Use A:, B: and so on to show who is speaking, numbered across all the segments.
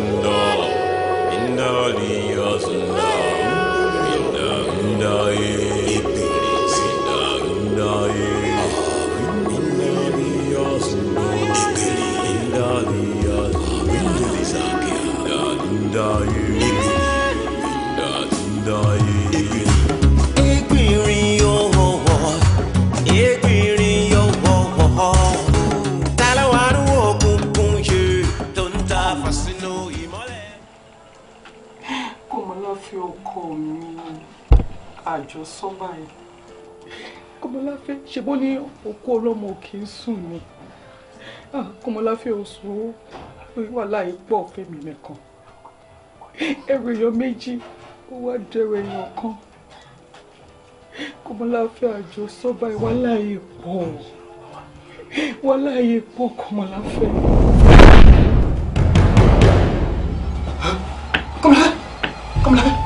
A: yasında, inna li yasında.
B: ẹjọ́ sọ báyìí.
C: kọmọláfẹ́ ṣe bó ní òkú ọlọ́mọ kì í sùn ni ah, kọmọláfẹ́ oṣù wà láì pọ̀ fẹ́mi nìkan ẹrù èèyàn méjì ó wá dẹrù èèyàn kan kọmọláfẹ́ àjọ sọ báyìí wà láì pọ̀ wà láì pọ̀ kọmọláfẹ́.
D: Come on, come on.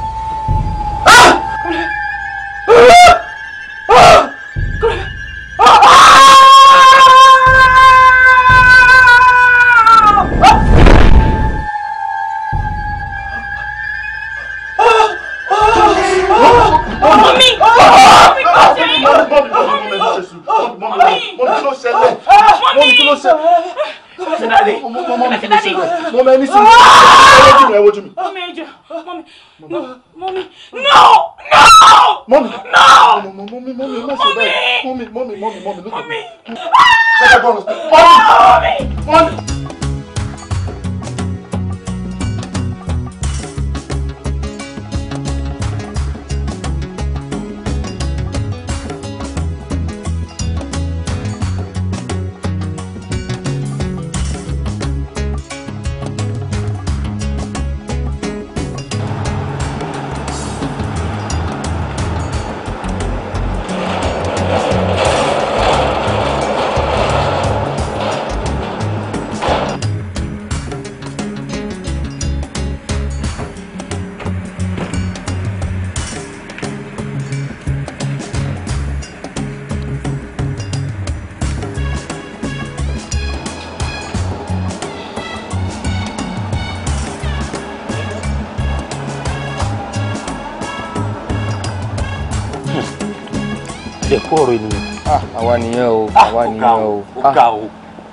B: àwa nìyẹn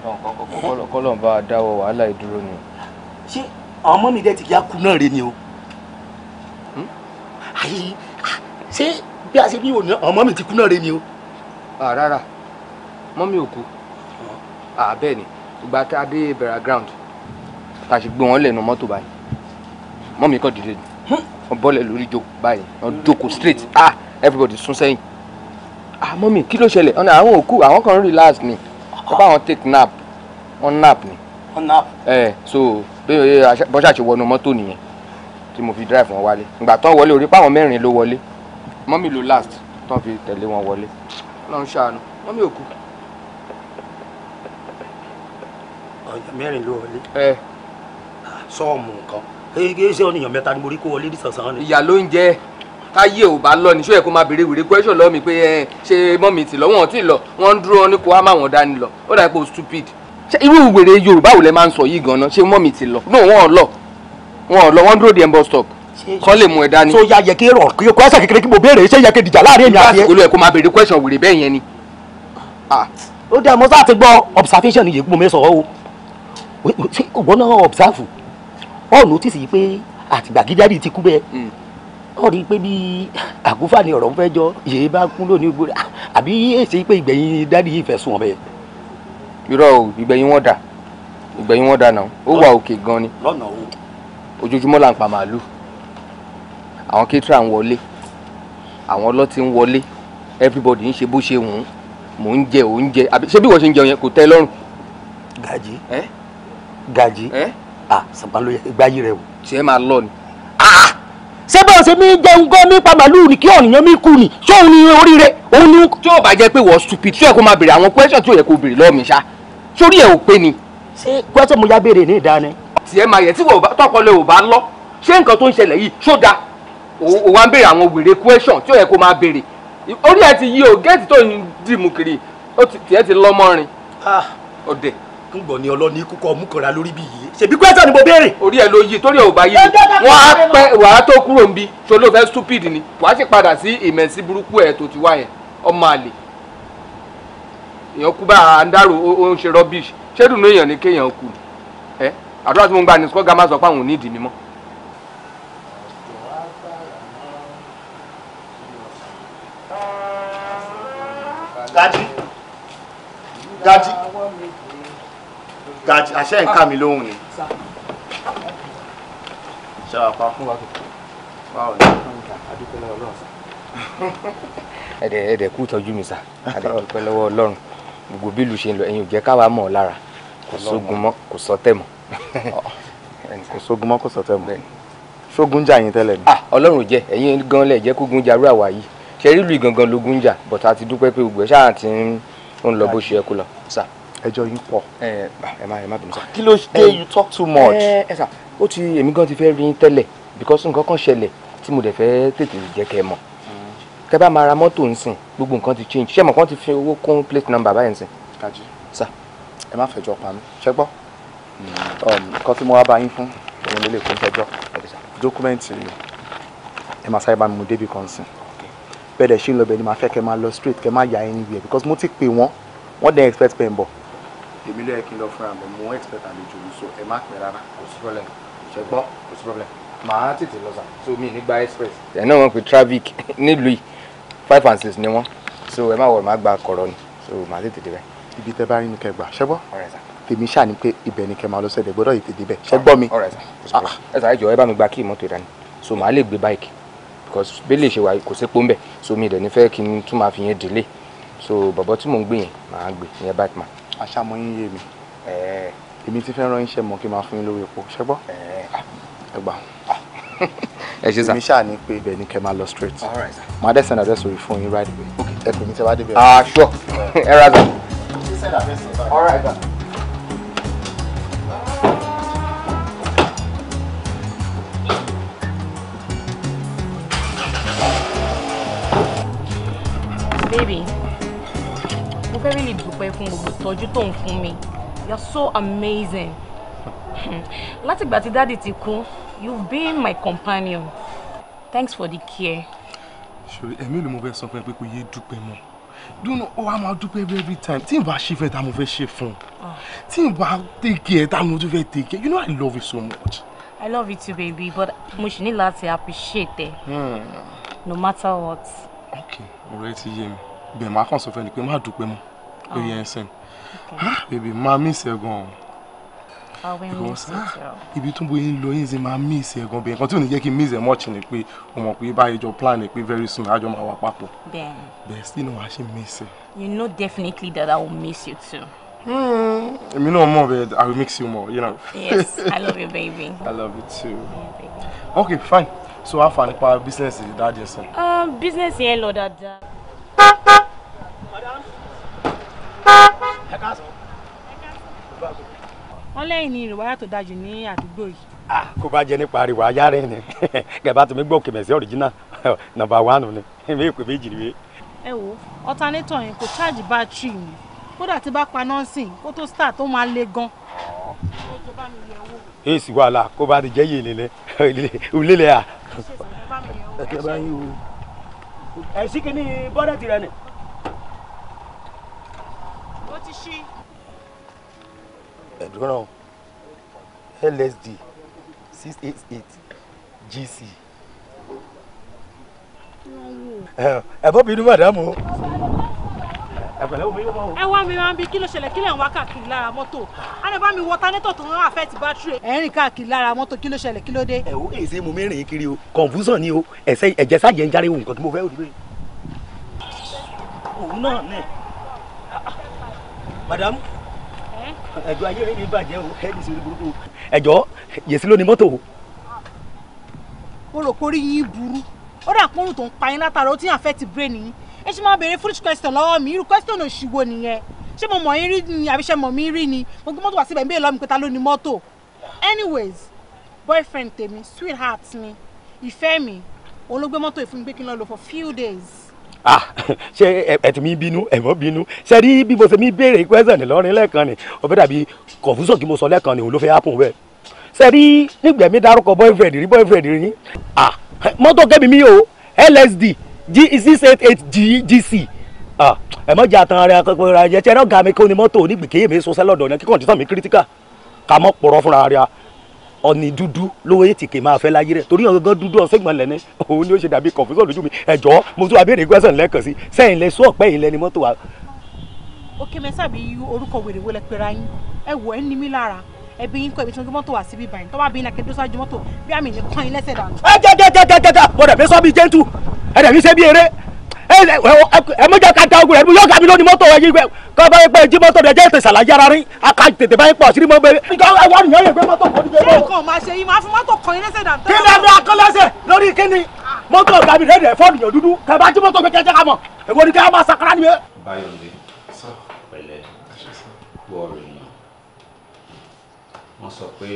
B: o ah, kọ́lọ̀ bá a wàhálà ìdúró ni. ṣé àwọn ọmọ mi dẹ́ ti kí á kú náà rè ni o. Hmm? Ah, ṣé bí a ṣe bí òní àwọn ọmọ mi ti kú náà rè ni o. Ah, rárá mọ́mí ò kú bẹ́ẹ̀ ni ìgbà tá a dé bẹ̀rẹ̀ ground tá a ṣe gbé wọn lẹ́nu mọ́tò báyìí mọ́mí kọ́ dìde ni hmm? wọ́n bọ́lẹ̀ lórí jókòó báyìí wọ́n jókòó straight ah everybody sún sẹ́yìn ah mọ́mì kí ló ṣẹlẹ̀ ọ̀nà àwọn òkú àwọn kan relax ni ọba àwọn take nap wọ́n nap ni. wọ́n nap. ẹ so bẹ́ẹ̀ bọ́ṣà ṣe wọnú mọ́tò nìyẹn tí mo fi drive wọn wálé ìgbà tán wọlé orí páwọn mẹ́rin ló wọlé mọ́mì ló last tán fi tẹ̀lé wọn wọlé ọlọ́run ṣàánú mọ́mì òkú. ọ̀yàn mẹ́rin ló wọlé. ẹ ah, sọ́ọ̀mù nǹkan kí ṣé ọ̀nìyàn mẹ́ta ni mo rí kó wọlé ní sàn-sàn ni. ìyà ló ń jẹ káyé ò bá lọ ní ṣó yẹ kó máa béèrè wèrè question lọ́wọ́ mi pé ẹ ṣe mọ́mì ti lọ wọn ò tí ì lọ wọ́n ń dúró wọn ní kó wá má wọn dání lọ ó dà pé stupid ṣe irú wèrè Yorùbá wo lẹ máa ń sọ yìí gan-an ṣé mọ́mì ti lọ no wọn ò lọ wọn ò lọ wọn dúró di ẹ̀ stop kọ́ lè mú ẹ dání. so ya yẹ kí rọ kí kọ́ ẹsẹ̀ kékeré kí mo béèrè ṣé yẹ kí dìjà láàrin èmi àti ẹ. ìbáṣepọ̀ ló kó máa béèrè question wèrè bẹ́ẹ̀ yẹn ni. o ṣé ògbọ́n náà observe all ọ̀ rí i pé bí àgúfà ni ọ̀rọ̀ ń fẹ́ jọ yèé bá kún lónìí gbòòrò àbí èsì pé ìgbẹ̀yìn dádì yìí fẹ́ sùn ọ̀bẹ. irọ́ o ìgbẹ̀yìn wọn dà ìgbẹ̀yìn wọn dà náà ó wà òkè gan ni ojoojúmọ́ là ń pa màálù àwọn kétra ń wọlé àwọn ọlọ́tí ń wọlé everybody ń ṣe bó ṣe wù ú mò ń jẹ oúnjẹ àbí ṣé bí wọ́n ṣe ń jẹun yẹn kò tẹ́ lọ́rùn. gàjí gàjí ah sàbálò ìgbáyé rẹ wò. tiẹ̀ máa lọ ni bá ṣe mí jẹun gan nípa màlúù ni kí ọ̀nìyàn mi kú ni ṣé òun ni oríire òun ni. tí ò bá jẹ́ pé wọ́n stupid tí ò yẹ kó máa béèrè àwọn question tí ò yẹ kó béèrè lọ́ọ̀ ṣá sórí ẹ̀ ò pé ni. ṣé question mo yá béèrè ní ìdáná. tiẹ̀ máa yẹ tí tọpọlọ ò bá lọ ṣé nǹkan tó ń ṣẹlẹ̀ yìí ṣó dáa ò wá ń béèrè àwọn wèrè question tí ò yẹ kó máa béèrè orí ẹ ti yí o géètì tó ń dìmú kiri tiẹ̀ ti lọ́mọ́rin ọ̀dẹ̀. Ah ńgbọ̀ ni ọlọ́ni kúkọ mú kanra lórí bí yìí ṣèbí pẹ́sẹ̀ ni mo béèrè. orí ẹ ló yí torí ẹ ò bá yí mi wọn á pẹ wàá tó kúrò ń bi ṣòló fẹ́ stupid ni wàá sì padà sí ìmẹ̀sí burúkú ẹ̀ tó ti wá yẹn ọmọ àlè èèyàn kú bá àndáró ó ń ṣe rubbish ṣé dùnú èèyàn ni kéèyàn kú ni ẹ àdúrà tí mo ń gbà ní sọ́gà má sọ pé ò ní ìdí mi mọ́. Gaji. Gaji àṣẹ ń kà mí lóhùn ni. ṣàpá fún wa báwo ni. àdúpẹ́ lọ́wọ́ ọlọ́run sá. ẹ̀dẹ̀ ẹ̀dẹ̀ kú tọ́jú mi sá àdúpẹ́ lọ́wọ́ ọlọ́run gbogbo bí ìlú ṣe ń lọ ẹ̀yin ò jẹ́ káwa mọ̀ ọ́ lára kò sógun mọ́ kò sọ́tẹ̀ mọ́. kò sógun mọ́ kò sọ́tẹ̀ mọ́ ṣógun jà yín tẹ́lẹ̀ ni. Ah, ọlọ́run jẹ́ ẹ̀yin gan lẹ̀ jẹ́ kógun jà rú àwa ṣe rí ìlú gangan lógun jà bọ̀tà ti dúpẹ́ pé gbogbo ẹ̀ ṣáà ti ń lọ bó ṣe yẹ kó lọ ẹjọ́ yín pọ̀ ẹ má ẹ má bínú sá. kí ló dé you talk too much. ẹ ẹ sà ó ti èmi gan ti fẹ́ rí tẹ́lẹ̀ because nǹkan kan ṣẹlẹ̀ tí mo dẹ̀ fẹ́ tètè jẹ́ kẹ́ ẹ mọ̀ tẹ́ bá máa ra mọ́tò nsìn gbogbo nǹkan ti change ṣé mo kàn ti fi owó kún plate number báyìí nsìn. kájí sà ẹ má fẹjọ́ pa mí ṣẹ gbọ́ um, nǹkan tí mo wá bá yín fún òun lè lè kó fẹjọ́ dókúmẹ́ǹtì ẹ máa sáré bá mi mú débi kan sìn bẹ́ẹ̀ dẹ̀ ṣì ń lọ bẹ́ẹ̀ ni màá fẹ́ kẹ́ máa lọ straight kẹ́ máa yà anywhere because mo ti pè wọ́n wọ́n dẹ̀ expect pé ń bọ̀ èmi ló yẹ kí n lọ fúnra mi mo expect àlejò mi so ẹ má pẹ́ rárá. kò sí problem ṣe gbọ́ kò sí problem màá tètè lọ sà so mi nígbà express. ẹ náà wọn pe traffic nílùú yìí five and six ni wọn so ẹ má wọrọ má gba kọ̀rọ̀ ni so màá tètè débẹ̀. ibi tẹ bá rí ni kẹ gbà ṣẹ gbọ́ tèmi ṣáà ni pé ibẹ̀ ni kẹ máa lọ sẹ́dẹ̀ gbọ́dọ̀ yìí tètè bẹ̀ ṣẹ gbọ́ mi. Ah, ah. ẹ sà ẹ jọ ẹ bá mi gba kí mọ́tò ìdání so màá lè gbé báyìkì because bẹ́ẹ̀ lè ṣe wà kò sépo ń bẹ̀ so mi ìdẹ̀ ní fẹ́ kí n tún máa fi yẹn délé so bọ̀bọ̀ tí mò ń gbé yẹn màá gbé ìyẹn báyìí máa aṣàmọyín yé mi èmi ti fẹ́ rán iṣẹ́ mọ́ kí n máa fún yín lówó epo ṣẹ́gbọ́ ah, ẹ gbà ah. ẹ ṣe sá. mi ṣáà ní pé ibẹ̀ ni kẹ́ máa lọ straight máa dẹ̀ send address orí fún yín right away ẹ pè mí tẹ́ bá débẹ̀. ah sure ẹ ra
D: baby fẹ́ rí lè gbogbo ìtọ́jú tó ń fún mi you are so amazing látìgbà tí dáàdì ti kú you been my companion thanks for the care.
B: ṣòro ẹ̀mí ni mo fẹ́ sọ fún ẹ pé kò yé dúpẹ́ mọ́ dúnú ó wàá máa dúpẹ́ every time tí n bá ṣe fẹ́ ta mo fẹ́ ṣe fún un ah. tí n bá take ẹ ta mo tún fẹ́ take you know I love you so much.
D: I love you too baby but mo ṣì ní láti appreciate ẹ hmm. no matter what.
B: okay ọ̀rẹ́ ti yé mi bẹ́ẹ̀ máa kàn sọ fẹ́ ni pé má dúpẹ́ mọ́ lórí ẹsẹ̀ bèbè máa mí ìsẹ̀ gan-an ibi tó ń bóyá ń lọ yín ṣe máa mí ìsẹ̀ gan-an bẹ́ẹ̀ kan tí ò ní jẹ́ kí n mí ìsẹ̀ mọ́ọ̀chì ni pé o mọ̀ pé báyìí jọ plan ni pé very soon àjọ máa wà papọ̀ bẹ́ẹ̀ sí ni wàá ṣe mí ìsẹ̀.
D: you know definitely that I will miss you too. Hmm,
B: èmi náà mọ̀ bẹ́ẹ̀ I will mix you more you know. yes I love you baby. I love you too. Yeah, okay fine so how far nípa business yìí dáadé sẹ.
A: business yẹn lọ dáadáa
C: wọ́n lẹ́yìn ni ìrìwáyà tó dájú ní àdúgbò yìí.
B: kó bá jẹ nípa ìrìwáyà rẹ ni gẹ̀bá tó mi gbọ́ òkè mẹ́sì ọ̀ríjínà nọ́mbà wánù ni èmi èpè méjì rèé.
C: ẹ wo ọ̀tánétọ̀ yẹn kò ṣáàjì bátìrì mi kódà tí bá pa nọ́ọ̀sì kó tó start tó máa le gan.
B: èsì wàhálà kó bá ti jẹ́ yìí nílẹ̀ òlélẹ̀ à. ẹ̀ sí kí ni bọ́dẹ̀ tirẹ̀ ni ti ṣí. ẹ̀dùnrán LSD six eight eight GC. ẹ̀bọ́n bínú màdámù o.
C: ẹ wá mi máa ń bi kí ló ṣẹlẹ̀ kí lẹ̀ ń wá káàkiri lára mọ́tò á lè bá mi wọ tánítọ̀ tó ń rán àfẹ́tì bátìrì. ẹ rìn káàkiri lára mọ́tò kí ló ṣẹlẹ̀ kí ló dé. ẹ o
B: èsè mo mẹ́rin kiri o confusion ni o ẹ̀jẹ̀ sáàjẹ̀ ń járe ohun kan tí mo fẹ́ òdìbò yìí.
A: òun náà náà madam eh? ẹjọ ayé rẹ
B: mi bàjẹ́ o ẹ ní sori burúkú. ẹjọ yèsí ló ní mọ́tò.
C: mo rò pé orí yín burú ó dà pọ́nrù tó ń pa yín látara ó ti hàn fẹ́ ti bírè nìyí ẹ ṣe máa béèrè foolish question lọ́wọ́ mi irú question òṣìwò nìyẹn ṣé mo mọ̀ yín rí ni àbí ṣe mọ̀ mí rí ni mo gbé mọ́tò wá síbẹ̀ ń béèrè lọ́wọ́ mi pé ta ló ní mọ́tò anyways boyfriend tèmi sweetheart mi ìfẹ́ mi òun ló gbé mọ́tò ìfún mi pé kí n lọ lò for few days
B: Ah, ṣé ẹtù mi bínú ẹ̀mọ́ bínú ṣe rí bí mo ṣe mi béèrè question lọ́rin lẹ́ẹ̀kan ni ọbẹ̀ dàbí confusion kí mo sọ lẹ́ẹ̀kan ni òun ló fẹ́ happen bẹ́ẹ̀ ṣe rí nígbà mi dárúkọ boyfriend rí boyfriend rí ah, mọ́tò kẹ́mi mi o LSD G, six eight eight GC ah, ẹ̀mọ́ jẹ́ àtàn ara ẹ̀kọ́ ra jẹ́ tí ẹ̀rọ ga mi kó ni mọ́tò onígbìkéyèmí sọ sẹ́lọ̀dọ̀ náà kíkọ́ ọ̀dísàn mi critical kà mọ́ pọ̀rọ̀ fúnra rẹ̀ ọ̀nì dúdú lówó yìí tìkè máa fẹ́ láyé rẹ̀ torí ọ̀gángan dúdú ọ̀sẹ̀gbọ̀n lẹ́ni òun ni ó ṣe dàbí kọ̀fúsọ̀ lójú mi ẹ̀jọ́ mo tún abéèrè gbẹ́sàn lẹ́ẹ̀kan sí sẹ́yìn lẹ sọ ọ̀pẹ́ yìí lẹni mọ́tò wa.
C: ókè mẹ́sà bí orúkọ wèrè wọlé pera yín ẹ wọ ẹ ní mi lára ẹbí yín kọ ibi tí wọn gbé mọ́tò wá síbí báyìí tọ́wọ́ abiyín akéde sáájú mọ́tò bí àmì ní kàn yín lẹ́sẹ̀ dànù.
B: ẹ jẹ́ jẹ́ jẹ́ jẹ́ jẹ́ mo dàbí sọ́ bíi jẹ́ntù ẹ mọ́jà ká da ogun rẹ̀ yóò gàbí lónìí mọ́tò ẹ̀yìn gbẹ kọ́ bá yẹ pé jí mọ́tò rẹ̀ jẹ́ ètò ìsàlàyé ara rí aka tètè bá yẹ pọ̀ sírí mọ́ bẹ́ẹ̀. ìjọ ẹwà nìyẹn yẹ pé mọ́tò kọ́ nígbẹ́
C: mọ́. kí máa ṣe yín máa fún mọ́tò kan lẹ́sẹ̀ dàtọ́. kí lẹ́nu akọ́lẹ́sẹ̀
B: lórí kíni mọ́tò gàbí rẹ̀ rẹ̀ fọ́ọ̀nù yàn dúdú kẹfà jí mọ́tò kẹkẹ jẹ́ ká mọ̀ èwo ni kẹ́ máa sakara ni. Báyọ̀dé pẹ̀lẹ́ wọ́ọ̀rì ni wọ́n sọ pé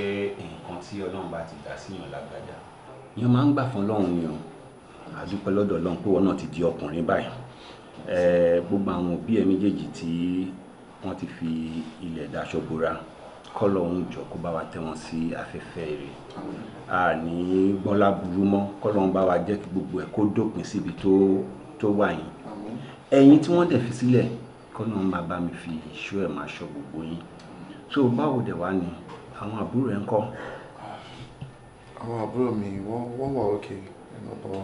B: nǹkan tí Ọlọ́run bá ti dá síyàn lágbájá yẹn máa ń gbà fún Ọlọ́run ni o àdúpẹ́ lọ́dọ̀ Ọlọ́run pé wọn náà ti di ọkùnrin báyìí gbogbo àwọn òbí ẹ méjèèjì tí wọ́n ti fi ilẹ̀ daṣọ bora kọ́lọ̀ ń jọ kó bá wa tẹ́ wọn sí afẹ́fẹ́ rẹ̀ a ní gbọ́nlá burú mọ́ kọ́lọ̀ ń bá wa jẹ́ kí gbogbo ẹ̀ kó dópin síbi tó tó wà yín ẹ̀yin tí wọ́n dẹ̀ fi sílẹ̀ kọ́lọ̀ ń máa bá mi fi ìṣó ẹ̀ máa ṣọ́ gbogbo yín tó báwo dẹ̀ wá ni àwọn àbúrò ẹ̀ ń kọ́. àwọn àbúrò mi wọ́n wà òkè ẹ̀ náà bọ̀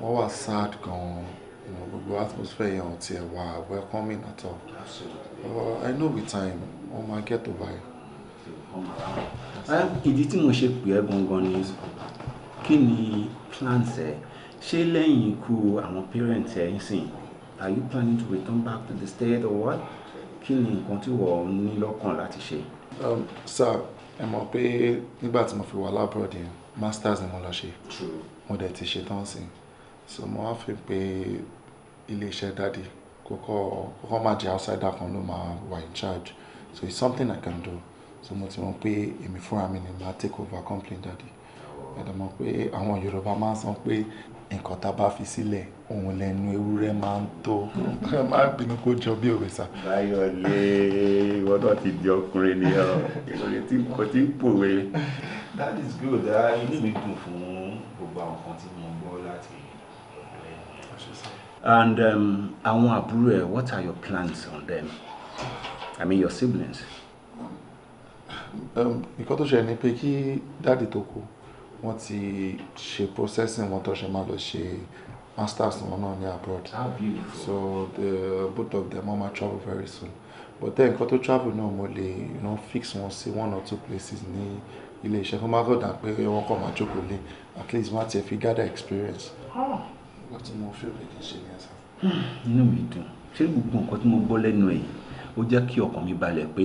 B: wọ́n wà sad gan-an you know, gbogbo atmosphere yẹn ò tiẹ̀ wà welcoming at all uh, I know with time wọ́n máa get over it. ìdí tí mo ṣe pè ẹ́ gangan ni kí ni plans ẹ ṣé lẹ́yìn ikú àwọn parents ẹ ń sìn are you planning to return back to the state or what kí ni nǹkan tí wọ́n ní lọ́kàn láti ṣe. Um, sir ẹ mọ̀ pé nígbà tí mo fi wà lábọ̀dì masters ni mo lọ ṣe mo dẹ̀ ti ṣetán sí i so mo wá fi pé iléeṣẹ́ dáàdi kókó kókó má jẹ́ outsider kan ló máa wà in charge so it's something I can do so mo ti mọ̀ pé èmi fúnra mi ni màá take over company dáàdi ẹ̀dọ̀ mọ̀ pé àwọn Yorùbá máa ń sọ pé nǹkan tá a bá fi sílẹ̀ òun lẹ́nu ewúrẹ́ máa ń tó máa ń bínú kó jọ bí òwe sá. báyọ̀ lé ìwọ náà ti di ọkùnrin ni ọ ìròyìn tí kò tí ń pòwe. that is good ah, inú mi dùn fún gbogbo àwọn kan tí mi And um, àwọn àbúrò what are your plans on them? I mean your siblings. Um, because ṣẹlẹ̀ ni pé kí dáàdì tó she processing want to ṣe máa she ṣe masters wọn on ní abroad. How beautiful. So the, both of them Mama, travel very soon. But then nǹkan tó travel normally, you know, fix wọn sí one or two places ní ilé iṣẹ́ fún mákòdà pé wọ́n kàn máa jókòó lé at least wọ́n á tiẹ̀ fi gather experience. Huh? Ah nǹkan tí mo fẹ́ pé kí n ṣe ní ẹ̀sán. Hmm, inú mi dùn ṣé gbogbo nǹkan tí mo gbọ́ lẹ́nu ẹ̀ ó jẹ́ kí ọkàn mi balẹ̀ pé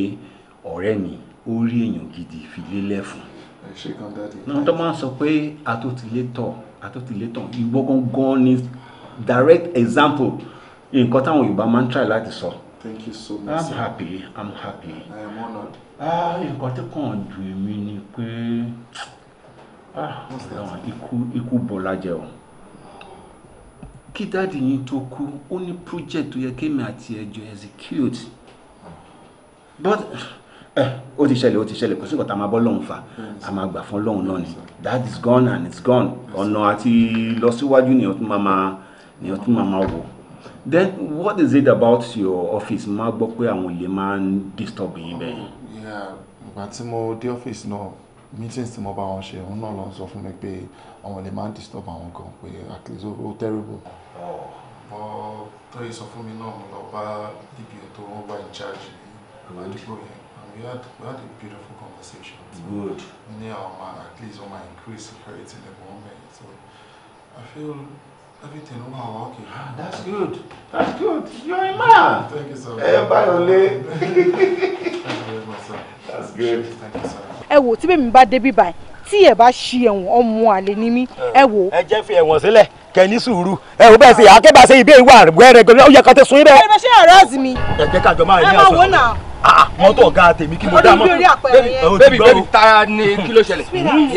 B: ọ̀rẹ́ mi ó rí èèyàn gidi fi lélẹ̀ fún. ẹ ṣe kan dáadé. náà tó máa ń sọ pé atótilétọ̀ atótilétọ̀ ìwọ gangan ni direct example nǹkan táwọn Yorùbá máa ń try láti sọ. thank you so much. i'm happy i'm happy. i am honoured. ah nǹkan tó kàn dùn mí ni pé ah ikú ikú bọ́lá jẹ́ o kí dáàdì yín tó kú ó ní project tó yẹ kémi àti ẹjọ execute but eh, ó ti ṣẹlẹ̀ ó ti ṣẹlẹ̀ kò sí nǹkan tá a máa bọ́ lọ́hùn fa a máa gbà fún lọ́hùn náà ni that is gone and it's gone ọ̀nà àti lọ́síwájú ni ọtún máa máa ni ọtún máa máa wò then what is it about your office máa gbọ́ pé àwọn olè máa ń disturb yín bẹ́ẹ̀. ìgbà tí mo dé ọ́fíìsì náà meetings tí mo bá wọn ṣe òun náà ló ń sọ fún mi pé àwọn lè máa ń disturb àwọn gan pé at least ó terrible. bọ́ tó yìí sọ fún mi náà mo lọ bá dpa tó wọ́n wà in charge àdúgbò yẹn we had we had a beautiful conversation. good. ní àwọn at least wọ́n máa increase security level wọn bẹ̀rẹ̀ so I feel Everything wow, okay. Ah, that's good. That's good. You're a man. Thank you, eh, sir. Ẹ bá yọ lé. That's good. Thank you, sir.
C: Ẹ wò tí bèmi bá débí báyìí tí ẹ bá ṣí ẹ̀wọ̀n ọmọ àlè ni mí
B: ẹ wò. Eh, ẹ jẹ́ fi ẹ̀wọ̀n sílẹ̀ kẹ́ ní sùúrù ẹ wò bẹ́ẹ̀ sẹ akẹ́bàṣe ìbéèrè wà rẹ̀ gbẹ́rẹ́ gbẹ́rẹ́ ó yẹ ká tẹ sun yín bẹ́ẹ̀. Ẹ
C: bẹ ṣe àrọ́ọ̀sì mi.
B: Ẹ jẹ́ ká jọ máa ní àṣọ. Ẹ máa wò náà. Ah, mọ́tò ọ̀gá tèmi kí mo dá mọ́tò bẹ́ẹ̀ni bẹ́ẹ̀ni ta ni kí ló ṣẹlẹ̀. Mm,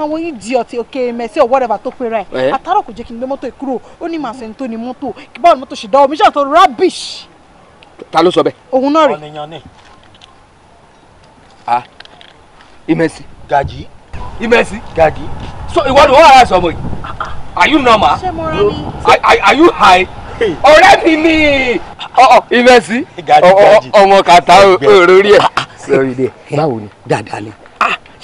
C: àwọn yìí di ọtí òkè mẹsì or whatever tó pera ẹ eh? àtàrà kò jẹ́ kí n gbé mọ́tò yìí kúrò ó ní màá sẹ́ni tó ni mọ́tò kí báwo ni mọ́tò ṣe dá omi ṣe àtọ́
B: rubbish. ta ló sọ bẹ́ẹ̀. òun náà rè. ọ̀nìyàn ni. a ah, imẹsi. gaji. Imesi gaji. so ìwọ ni wọn ara ah, are you normal are you high ọ̀rẹ́ ibẹ̀ sí ọmọ kàtà òòrò rí ẹ̀. lórí ah, ah, ah. dẹ báwo ni dáadáa ni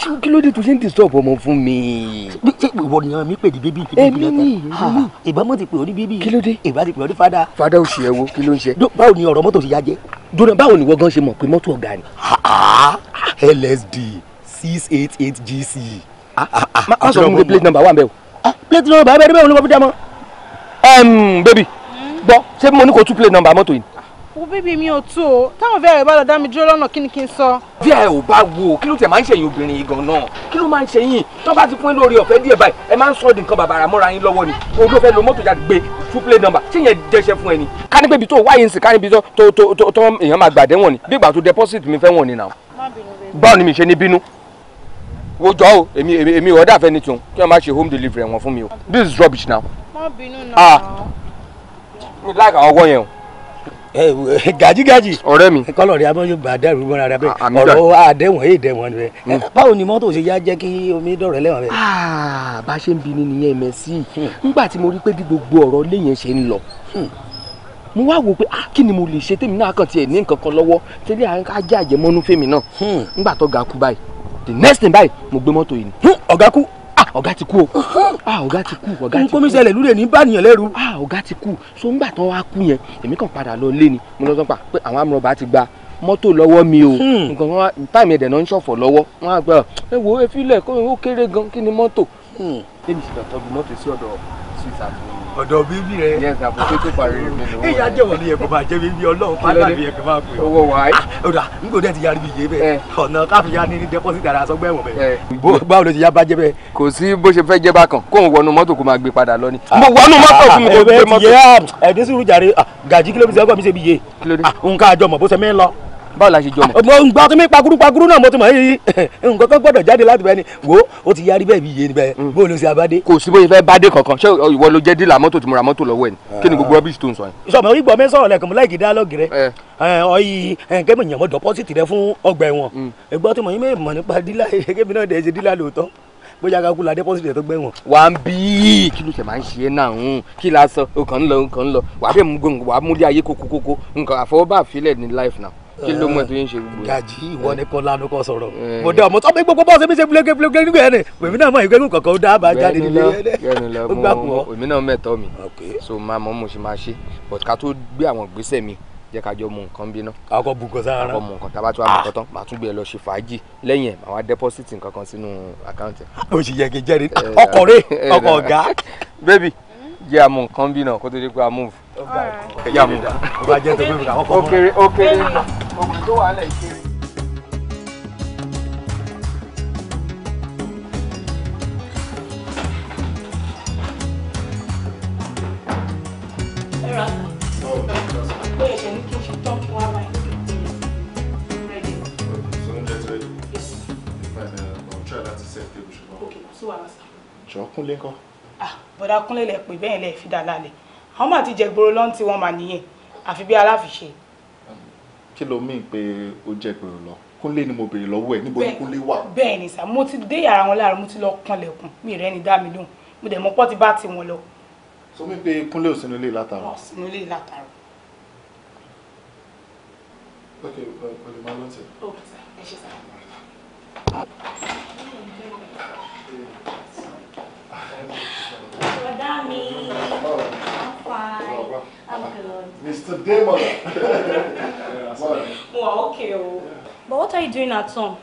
B: ṣé kí ló dé tó ṣe ń disturb ọmọ fún mi. ṣé ìwọ ni mi pè ní bébí. èmi ni ìbá mọ̀ ti pè ọ́ ní bébí. kí ló dé ìbá ti pè ọ́ ní fada. fada oṣù ẹ̀wọ̀ kí ló ń ṣe. báwo ni ọ̀rọ̀ mọ́tò ti yá jẹ́. dona báwo ni wọ́n gan ṣe mọ̀ pé mọ́tò ọ̀gá ni. lsd six eight eight gc. má sọ fún mi plate number wà ń o. plate number bẹ́ẹ̀ ni bẹ́ẹ̀ ni wọ́n fi dá mọ́. bébì gbọ́ ṣé mo ní kó tú plate number mọ́tò yìí.
C: wo bíbí mi ò tú o táwọn fẹ́ẹ́ rẹ̀ bá lọ dá mi dúró lọ́nà kí ni kí n sọ.
B: bí ẹ ò bá wo kí ló tẹ̀ máa ń ṣẹ̀yìn obìnrin yìí gan-an kí ló máa ń ṣẹ̀yìn tó bá ti fún yín lórí ọ̀fẹ́ díẹ̀ báyìí ẹ máa ń sọ di nǹkan bàbàrà mọ́ra yín lọ́wọ́ ni òun ló fẹ́ lo mọ́tò jáde gbé tú plate number ṣé yẹn dẹ́ṣẹ̀ fún ẹ ni. ká ní pé ibi tó wáyé ń sìn ká ní ibi tó tó èèyàn máa gbàdé wọn ni bí ìgbà tó deposit mi fẹ́ wo jọ o èmi èmi ọ̀dà fẹ́ ni tiwọn kí wọ́n má ṣe home delivery wọn fún mi o this is rubbish now. má bínú náà. Ah mi láàkà ọwọ́ yẹn o. gàjígàjí ọ̀rẹ́ mi kọ́lọ̀ rí abọ́jú bá dẹ́rù mọ́ra rẹ bẹ́ẹ̀ ọ̀rọ̀ àdẹ́wọ̀n èyí dẹ́wọ̀n rẹ báwo ni mọ́tò ṣe yá jẹ́ kí omi dọ̀rẹ́ lẹ́wọ̀n rẹ. Ah, bá a ṣe ń bi ni nìyẹn mẹ́sì nígbà tí mo rí pé bí gbogbo ọ̀rọ̀ léyìn ṣe ń lọ hmm, mo wá wò pé ah kí ni mo lè ṣe tèmi náà kàn tiẹ̀ ní nǹkan kan lọ́wọ́ tẹ́lẹ̀ ajá àjẹmọ́nú fèmí náà hmm. nígbà tó ga kú báyìí the next thing báyìí mo gbé mọ́tò yìí ni. Hmm, ọ̀gá kú ọ̀gá ti kú o ah ọ̀gá ti kú ọ̀gá ti kú nkomi ṣẹlẹ̀ lóde ní bànìyàn lẹ́rù ah ọ̀gá ti kú so ńgbà tán wá kú yẹn èmi kàn padà lọ lé ni mo lọ sọ pa pé àwọn amúrọ̀bà ti gba mọ́tò lọ́wọ́ mi o hmm. nǹkan wọn táìmì ẹ̀dẹ̀ náà ń ṣọ̀fọ̀ lọ́wọ́ wọn á gbà ẹ wo efilẹ̀ kó kéré gan kí ni mọ́tò. Hmm. èmi sì fẹ́ tọ́jú mọ́tò sí ọ̀dọ̀ swiss àti ọ̀dọ̀ bíbí rẹ. yẹn sà fún pípé parí mi lówó rẹ. ìyá jẹ̀wọ̀ ni ẹ̀kọ́ máa jẹ́ bíbí ọlọ́run pálá mi ẹ̀kọ́ máa pè ọ́. owó wa ah, yìí. ọ̀dà n kò dẹ̀ ti yarí bí yé bẹ́ẹ̀ eh. ọ̀nà káfí ya ní ní dẹ́pọ́sì dára sọ́gbẹ́ ẹ̀wọ̀n bẹ́ẹ̀. Eh. báwo ló ti yá bá jẹ́ bẹ́ẹ̀. kò sí bó ṣe fẹ́ jẹ́ bá kan kóun wọnú mọ́tò kó máa gbé padà lọ ni. Ah. mo wọnú mọ́tò fún mi kò eh, gbé mọ́tò. ẹ̀ẹ́dẹ́sì rújàre gàjí kí ló fi ṣe ọgbọ́n mi ṣe bí yé. Ah, nǹkan àjọmọ̀ bó ṣe mí lọ báwo la ṣe jọ mọ. mo ń mi pakuru pakuru náà mo ti mọ̀ yìí nǹkan kan gbọ́dọ̀ jáde láti bẹ́ẹ̀ ni wo o ti yarí bẹ́ẹ̀ bí yé ni bẹ́ẹ̀ mm. bó ló ṣe abáde. kò sí bóyá fẹ́ bádé kankan ṣé ìwọ ló jẹ́ dílà mọ́tò tí mo ra mọ́tò lọ́wọ́ ẹ̀ ni kí ni gbogbo rubbish tó ń sọ yẹn. sọmọ ìgbọ́ mi sọ̀rọ̀ lẹ́kùn láì dialogue rẹ eh. eh, ọyì eh, kẹ́mi yàn mọ́ dọ́pọ́sìtì rẹ fún ọgbà ẹ̀wọ̀n mm. ẹgbọ́n tó mọ̀ yín mọ̀ nípa dílà kẹ́mi náà dẹ̀ bóyá kakú la dẹ́pọ́sìtì rẹ tó gbẹ̀wọ̀n. wà á bí kí ló ṣe máa ń ṣe náà ń kí la sọ nǹkan ń lọ nǹkan ń lọ wà á bẹ̀ mú gbòǹgbò wà á múlé ayé kókókókó nǹkan àfọwọ́bá àfilẹ̀ ní life now kí ló mọ̀ eh, tó yẹn ṣe gbogbo. gàjí ìwọ ni eh. kọ́lá ló kọ́ sọ̀rọ̀ eh. mo dá ọmọ tó ọmọ gbogbo bọ́ọ̀sì mi ṣe bulege bulege nígbà yẹn ni pèmí náà mọ̀ ìgbẹ́nu kankan ó dábàá jáde nílé yẹn ó gbà kú ọ. èmi náà mẹ́tọ́ mi so máa mọ̀ mo ṣe máa ṣe but ká tó gbé àwọn ìgbésẹ̀ mi jẹ́ ká jọ mu nǹkan bí ná. akọ bùkọ sára akọ mu nǹkan tábà tó wà nǹkan tán màá tún gbé ẹ lọ ṣe fàájì lẹ́yìn ẹ̀ màá wá dẹ́pọ́sìtì nǹkan kan sínú àkáǹtì. o sì yẹ kí jẹ́rìí ọkọ̀ rẹ̀ ọkọ̀ ọ̀gá. bébì jẹ́ àmú nǹkan bí náà kó tó dé pé àmú. jẹ́ àmú nǹkan. ó kéré ó kéré ògùn tó wà lẹ̀ kéré. Jọ kúnlé ńkọ́.
A: Ah, bọ̀dá kúnlẹ̀ lẹ pè bẹ́ẹ̀ lẹ fi dà lálẹ́ àwọn máa ti jẹ gbòòrò lọ́n tí wọ́n máa nìyẹn àfi bí aláfiṣe.
B: kí ló mìín pé ó jẹ gbòòrò lọ kúnlé ni mo béèrè lọ́wọ́ ẹ̀ níbo ni kúnlé wà.
A: bẹ́ẹ̀ ni sà mo ti dé yàrá wọn láàárọ̀ mo ti lọ kanlẹ̀kùn mi rẹ́ ni dá mi lóhùn mo dẹ̀ mọ pọ́ ti bá tiwọn lọ.
B: sọ mi pé kúnlé ò sínú ilé látàárọ̀.
A: sínú ilé látàárọ̀.
B: ok pẹ̀lú máa lọ́tẹ̀. ó ẹ ṣe sá. Mr. Damon.
D: well, okay. Oh. But what are
B: you doing at home?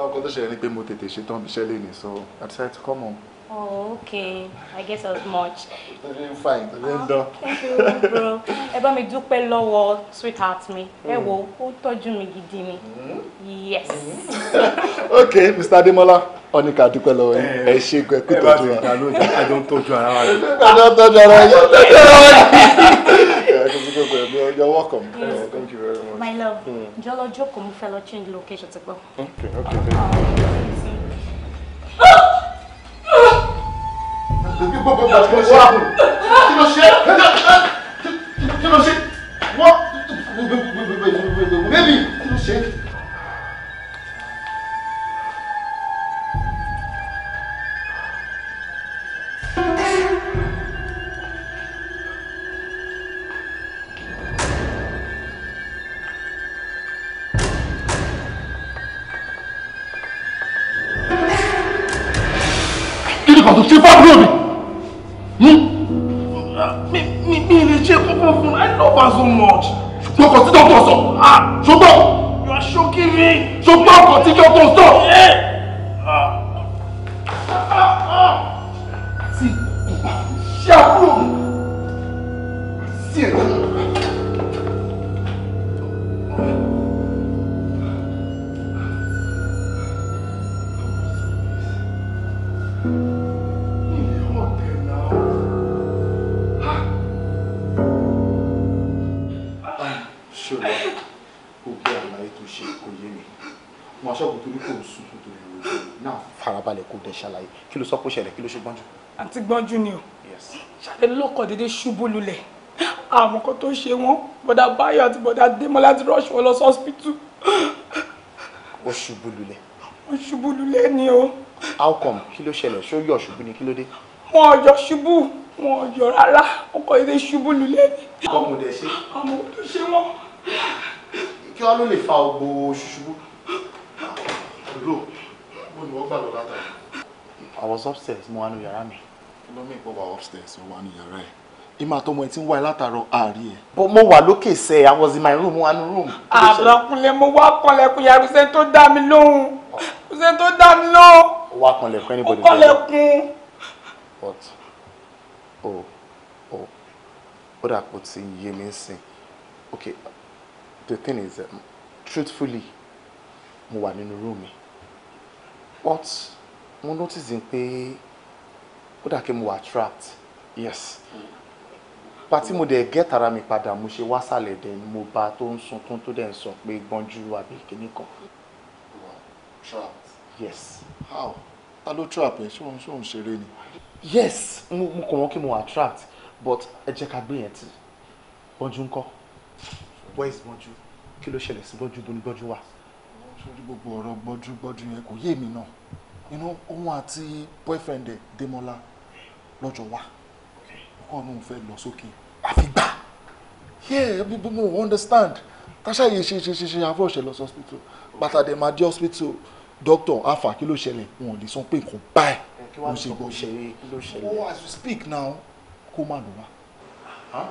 B: ọkọ tó ṣẹlẹ̀ ni pé mo tètè ṣetán mi ṣẹlẹ̀ ni so I decided to come home.
D: Oh, okay. I guess as much. Very fine. Very done. Thank you, bro. Eba me mi dúpẹ́ lọ́wọ́ sweetheart me. Ewo, wo, ó tọ́jú mi gidi ni. Yes.
B: Okay, Mr. Demola, ó ní ká dúpẹ́ lọ́wọ́ yín. Ẹ ṣe gbẹ kú tọ́jú wa. Ẹ bá mi dàlóyè, You're welcome. You're welcome my love hmm.
D: jọ lọ jókòó mo fẹ́ change location ti gbọ́. okay
B: okay okay. kí ló ṣe kí ló ṣe wọ́n bébí kí ló ṣe.
A: gbọ́njú ni o ṣàlẹ́ lọ́kọ̀ déédéé ṣubú lulẹ̀ àwọn kan tó ṣe wọ́n
B: bọ̀dà báyọ̀ àti bọ̀dà démọ́lá ti rush wọn lọ sọ́spítù. ó ṣubú lulẹ̀. ó ṣubú lulẹ̀ ni o. how come kí ló ṣẹlẹ̀ ṣó yọ̀ ṣubú ni kí ló dé. wọn ò jọ ṣubú wọn ò jọ rárá ọkọ̀ déédéé ṣubú lulẹ̀ ni. àwọn ọmọdé ṣe. àwọn ọmọdé ṣe wọn. kí wọn ló lè fa ògbó ṣùṣubú. ìlú ò ní wọn gbà I was upstairs mo wá nu yàrá lómi ìpọ̀ wà upstairs ó wà ní yàrá ẹ̀ ìmọ̀ àtọmọ ẹ ti ń wá ẹ látàárọ̀ àárí ẹ. bó mo wà lókè sẹ i was in my room one room. àbàkùnlé mo wá kànlẹ̀kùn yàrá ìṣe tó dá mi lóhùn ìṣe tó dá mi lóhùn. ó wá kànlẹ̀kùn anybody there. ó kànlẹ̀kùn. what o o ó dà kó ti yé mi sìn okay the thing is um, truthfully mo wà nínú room mi but mo notice pé ó dà kí mo attract yes pati mo dẹ̀ gẹ́ tara mi padà mo ṣe wá sàlẹ̀ dẹ̀ ni mo bá tó ń sunkún tó dẹ̀ ń sọ pé gbọ́njú àbí kìíní kan. yes. how ta ló trap ẹ ṣé òun ṣeré ni. yes mo mo kàn wọ́n kí mo attract but ẹ jẹ́ ká gbé yẹn tì gbọ́njú ńkọ́ where is gbọ́njú kí ló ṣẹlẹ̀ sí gbọ́njú bóni gbọ́njú wà. sórí gbogbo ọ̀rọ̀ gbọ́njú gbọ́njú yẹn kò yé mi náà inú òun àti boyfriend ẹ̀ Démọ́lá lọ́jọ́ wa ọkọ náà fẹ́ lọ sókè àfigbà yeah people no understand tasha yìí ṣe ṣe ṣe ṣe àfọ ṣe lọ sí hospital bàtà dẹ̀ máa dé hospital doctor afa kí ló ṣẹlẹ̀ wọn ò lè sọ pé nǹkan báyìí ló ṣe gbọ́ ṣe oh as you speak now kó má lọ wá.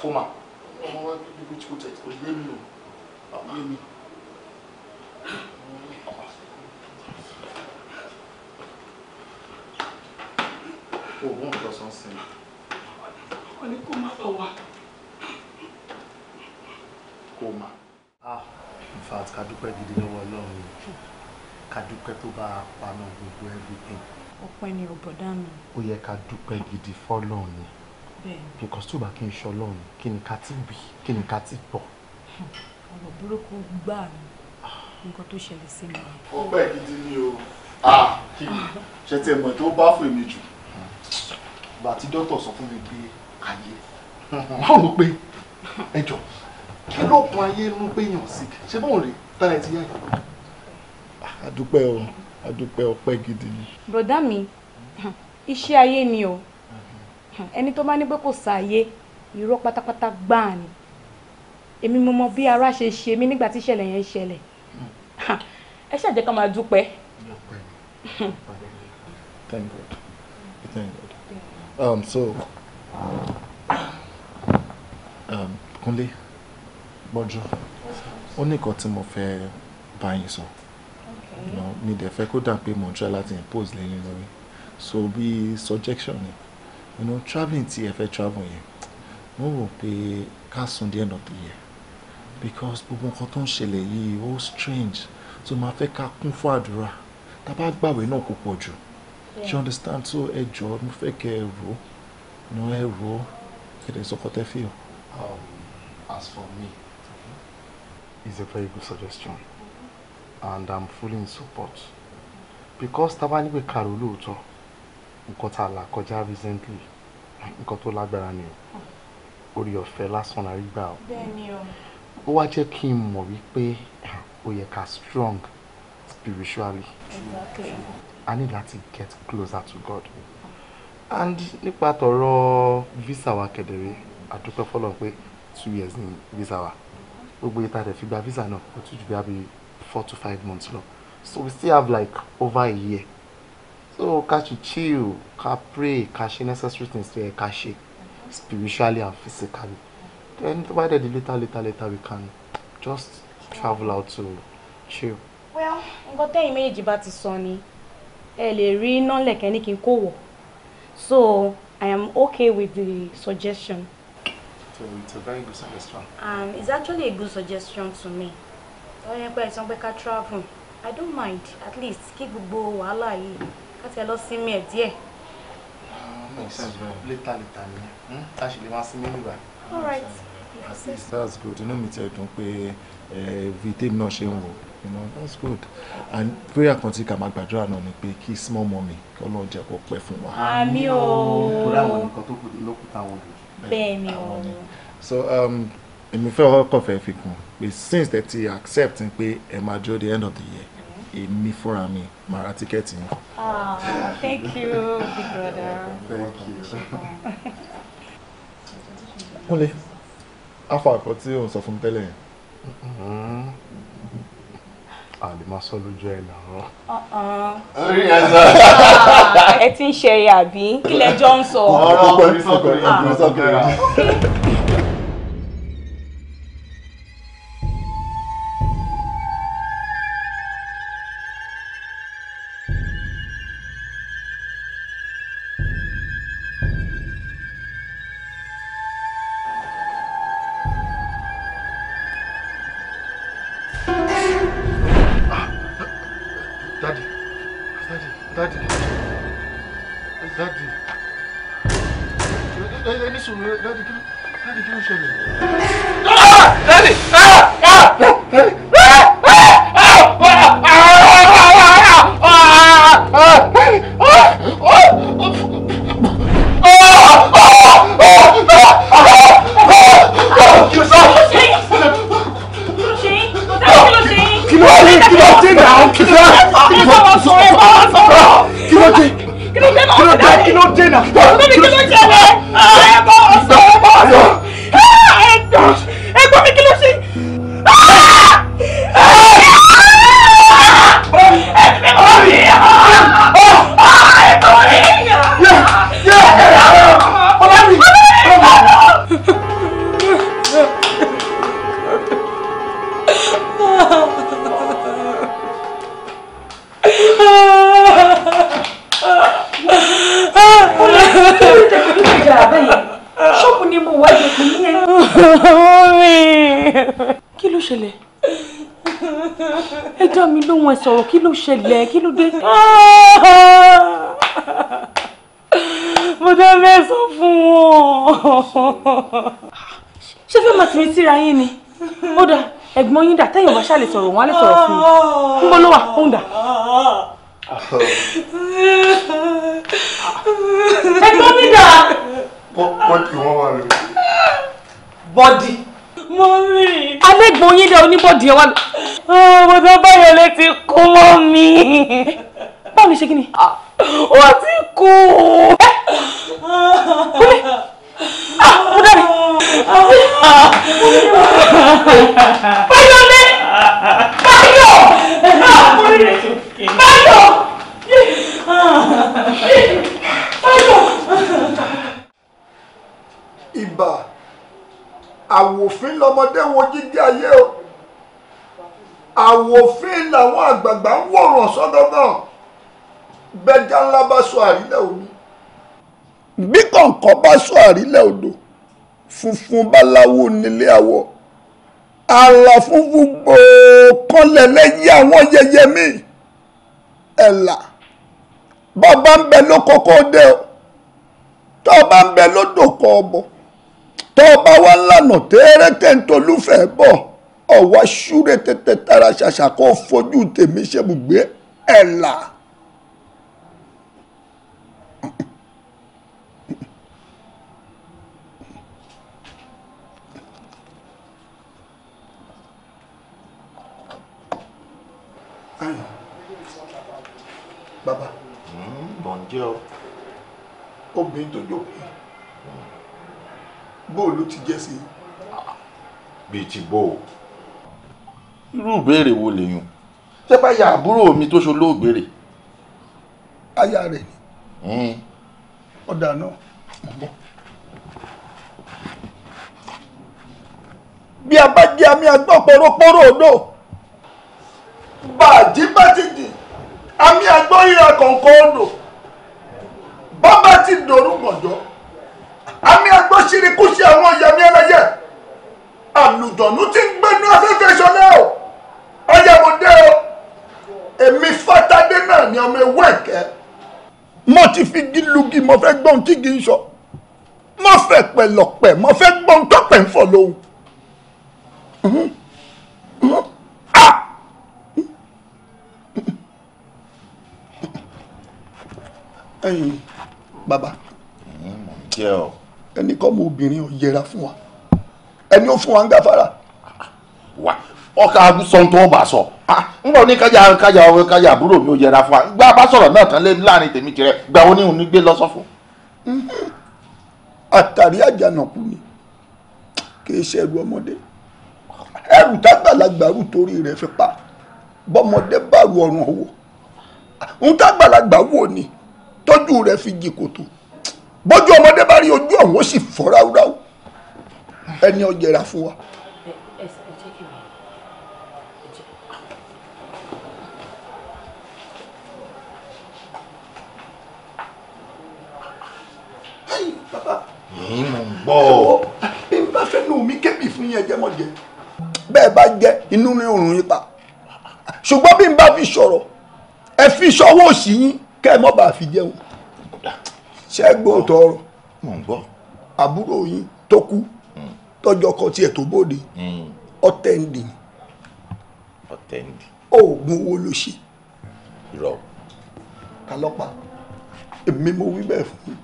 B: kó ọmọ wa bí bí kò tẹ̀ kò yé mi o yé mi. o nǹkan sọ ń sin mi.
A: wọ́n ní kó má bọ̀ wá.
B: kó má. in fact ká dúpẹ́ gidi lọ́wọ́ ọlọ́run ká dúpẹ́ tó bá a paná gbogbo everything.
D: ọpẹ́ ni ọbọdá mi.
B: ó yẹ ká dúpẹ́ gidi fọ́lọ́run ni because tó bá kí n sọ lọ́run kí ni ká ti bì kí ni ká ti bọ̀.
D: ọ̀rọ̀ burúkú gbáà ni nǹkan tó ṣẹlẹ̀ sí mi.
B: ọpẹ́ gidi ni o ah, ṣe tẹ̀ mọ̀ tó bá fún èmi jù ìgbà tí dókítà sọ fún mi pé ayé máa rò pé ẹ jọ kí ló kan ayé nú pé yàn sí ṣé bóun rè tára ẹ ti yá yìí. àdúpẹ́ o àdúpẹ́ ọpẹ́ gidi ni. bùrọ̀dá mi
D: iṣẹ́ ayé ni o ẹni tó bá ní pé kò sáàyè irọ́ pátápátá gbáà ni èmi mo mọ bí ara ṣe ṣe mí nígbà tí ìṣẹ̀lẹ̀ yẹn ṣẹlẹ̀ ẹ ṣàjẹ́ máa dúpẹ́.
B: thank God thank God. Um, so, um, Kúnlé, Bọ́jú, ó ní nǹkan tí mo fẹ́ bá yín sọ. Mi dẹ̀ fẹ́ kó dà pé mo láti impose lẹ́yìn lórí. So bí suggestion ni, you know, travelling tí ẹ fẹ́ travel yẹn, mo rò pé ká sùn the end of the year because gbogbo nǹkan tó ń ṣẹlẹ̀ yìí ó strange so máa fẹ́ ká kún fún àdúrà tá a bá gbàwé náà kó pọ̀ jù yeah. understand so ẹ mo fẹ́ kẹ ẹ rò nu ẹ rò kẹdẹ sọkọ tẹ fi hàn. as for me it's a very good suggestion and i'm fully in support because taba nígbè kàrò lóòótọ́ nǹkan tá a là kọjá recently nǹkan tó lágbára ni
A: o
B: orí ọ̀fẹ́ lásán la rí gbà o ó wá jẹ́ kí n mọ̀ wípé ó yẹ ká strong spiritually.
A: Exactly
B: a ní láti get closer to God and nípa tọ̀rọ̀ visa wa kedere àdúpẹ́ fọlọ́ pé two years ní visa wa gbogbo ìta dẹ̀ fi gba visa náà ó tún jù bí abi four to five months lọ so we still have like over a year so ká ṣe chill ká pray ká ṣe necessary things to yẹ ká ṣe spiritually and physically then tó bá dẹ̀ di later later later we can just travel out to chill.
D: well nǹkan tẹ́yìn méjì bá ti sọ ni ẹ lè rí nọ́ọ̀lẹ̀kẹ́ ní kí n kó wọ̀ so I am okay with the suggestion.
B: So it's a very good suggestion.
D: Um, it's actually a good suggestion to me. Wọ́n yẹn pé ẹ̀sán pé ká travel. I don't mind at least kí gbogbo wàhálà yìí ká tẹ lọ sinmi ẹ̀ díẹ̀.
B: Ah, makes sense well. Later later ni. Hmm? Tá a ṣe lè máa sinmi nígbà. All right. At that's good. Inú mi ti ẹ̀ dùn pé ẹ̀ eh, fi náà ṣe ń wò you know that's good and prayer kan tí ká máa gbàdúrà náà ni pé kí small mummy ọlọ́run jẹ́ kó pẹ́ fún wa. àmì o torí àwọn nǹkan tó kù lókùtà wọn. bẹ́ẹ̀ o. so um, èmi fẹ́ ọkọ̀ fẹ́ fi kún pé since that you accept pé ẹ máa dúró the end of the year èmi fúnra mi máa ra tíkẹ́ẹ̀tì yín. ah thank you big brother. thank you. kúnlẹ̀ afa àkọ́ tí ò ń sọ fún tẹ́lẹ̀ yẹn a lè máa sọ lójú ẹ̀ náà. orí ẹ sọ.
A: ẹ ti ń ṣe àbí kílẹ̀ jọ ń sọ. ọ̀rọ̀ ọkùnrin sọkùnrin ọkùnrin sọkùnrin. ṣẹlẹ̀? Ẹ dá mi
D: lóhùn ẹ sọ̀rọ̀ kí ló ṣẹlẹ̀ kí ló dé? Ah! Mo dá mẹ́sàn fún wọn. Ṣé fẹ́ máa tì mí síra yín ni? Ó dà ẹ̀gbọ́n yín dà tẹ́yìn bá ṣàlè sọ̀rọ̀ wọn á lè sọ̀rọ̀ fún mi.
A: Ń bọ́ ló wà dà. Ẹ̀gbọ́n mi dà.
B: Bọ́dì wọn wà lórí.
A: Bọ́dì mo rìn. alẹ́gbọ̀n yín lẹ oníbọ̀dì ẹ wá lọ. Ah, mo sọ báyọ̀
D: lè ti kú mọ́ mi. báwo ni ṣe kí ni. Ah. ó ti kú. ẹ kúlẹ̀ ah, mo dábì.
C: báyọ̀
A: lé báyọ̀ báyọ̀ báyọ̀.
B: ibà àwòfín lọmọdé wo jíjẹ ayé o àwòfín làwọn àgbààgbà ń wòràn sọdọdàn bẹjá ńlá bá sọ àrílẹ̀ omi bí kọ̀ǹkọ̀ bá sọ àrílẹ̀ odò funfun báláwo nílé àwọ̀ àlà funfun gbòòkànlẹ̀ lẹ́yìn àwọn yẹyẹ mi ẹ̀là bàbá ń bẹ lóko kó dé o tó bá ń bẹ lódò kọ ọbọ̀ tó bá wá lànà tẹ́rẹ́tẹ́ ń tolúfẹ́ bọ̀ ọ̀wá ṣúré tètè tara ṣàṣà kó fojú tèmi ṣe bùgbé ẹ̀ là. bàbá. Hmm, bọ̀ǹjẹ́ o. obìnrin tó jókòó bóòlù ti jẹ́ sí i. bíi ti bó o. irú ìbéèrè wo lèyùn ṣé bá ya àbúrò mi tó ṣe olóògbére. aya rẹ̀ ni hmm. ọ̀dà náà. bí a bá jẹ́ àmì àgbọ̀ pòròpórò odò bàjí bá ti dì àmì àgbọ̀ ìrà kọ̀ọ̀kan odò bàbá ti dòrú gbọ̀njọ́ àmì agbóṣiri kú sí àwọn ìyàmí ẹlẹ́yẹ àlùdọ̀nù ti ń gbẹnu afẹ́fẹ́ ìṣọ̀lẹ́ o ọyẹ mo dé o èmi fátádé náà ni ọmọ ewé ẹ̀kẹ́ mo ti fi gílugi mo fẹ́ gbọ́n tí kì í sọ mo fẹ́ pẹ̀lọ̀pẹ̀ mo fẹ́ gbọ́n tọ́pẹ̀ ń fọ̀ lóhùn. ẹ̀yin bàbá. mo ń jẹ́ ọ ẹni kọ́ mọ obìnrin ò yẹra fún wa ẹni ó fún wa ń gáfárà. wà ọkà sọ tó bá sọ ngbà ní kájà kájà ọwọ kájà àbúrò mi ò yẹra fún wa gbà bá sọ̀rọ̀ náà tán lé láàrin tèmi tirẹ̀ gbà ó ní òun ní gbé lọ sọ fún. àtàrí àjànàkú ni kì í ṣe ẹrù ọmọdé ẹrù tágbàlagbà rù torí rẹ̀ fi pa bọ́mọdé bá rù ọrùn owó ń tágbàlagbà wò ni tọ́jú rẹ̀ fi jì kòtò bójú ọmọdé bá rí ojú ọ̀hún ó sì fọ́ ráúráú ẹni ó yẹra fún wa. mo ń gbọ́. bí n bá fẹ́ nu mi kébì fún yín ẹjẹ́ mọ́ jẹ. bẹ́ẹ̀ bá jẹ́ inú mi ò rùn yín pa ṣùgbọ́n bí n bá fi sọ̀rọ̀ ẹ fi sọ́wọ́ òsì yín kẹ́ ẹ mọ́ bàa fi jẹun ṣẹ́gbọ́n tọrọ àbúrò yín tó kú tọjọ́ kan tiẹ̀ tó bóde ọ̀tẹ̀ǹdì ọ̀tẹ̀ǹdì oògùn owó ló ṣe irọ́ ta lọ́pa èmi mo wí bẹ́ẹ̀ fún yín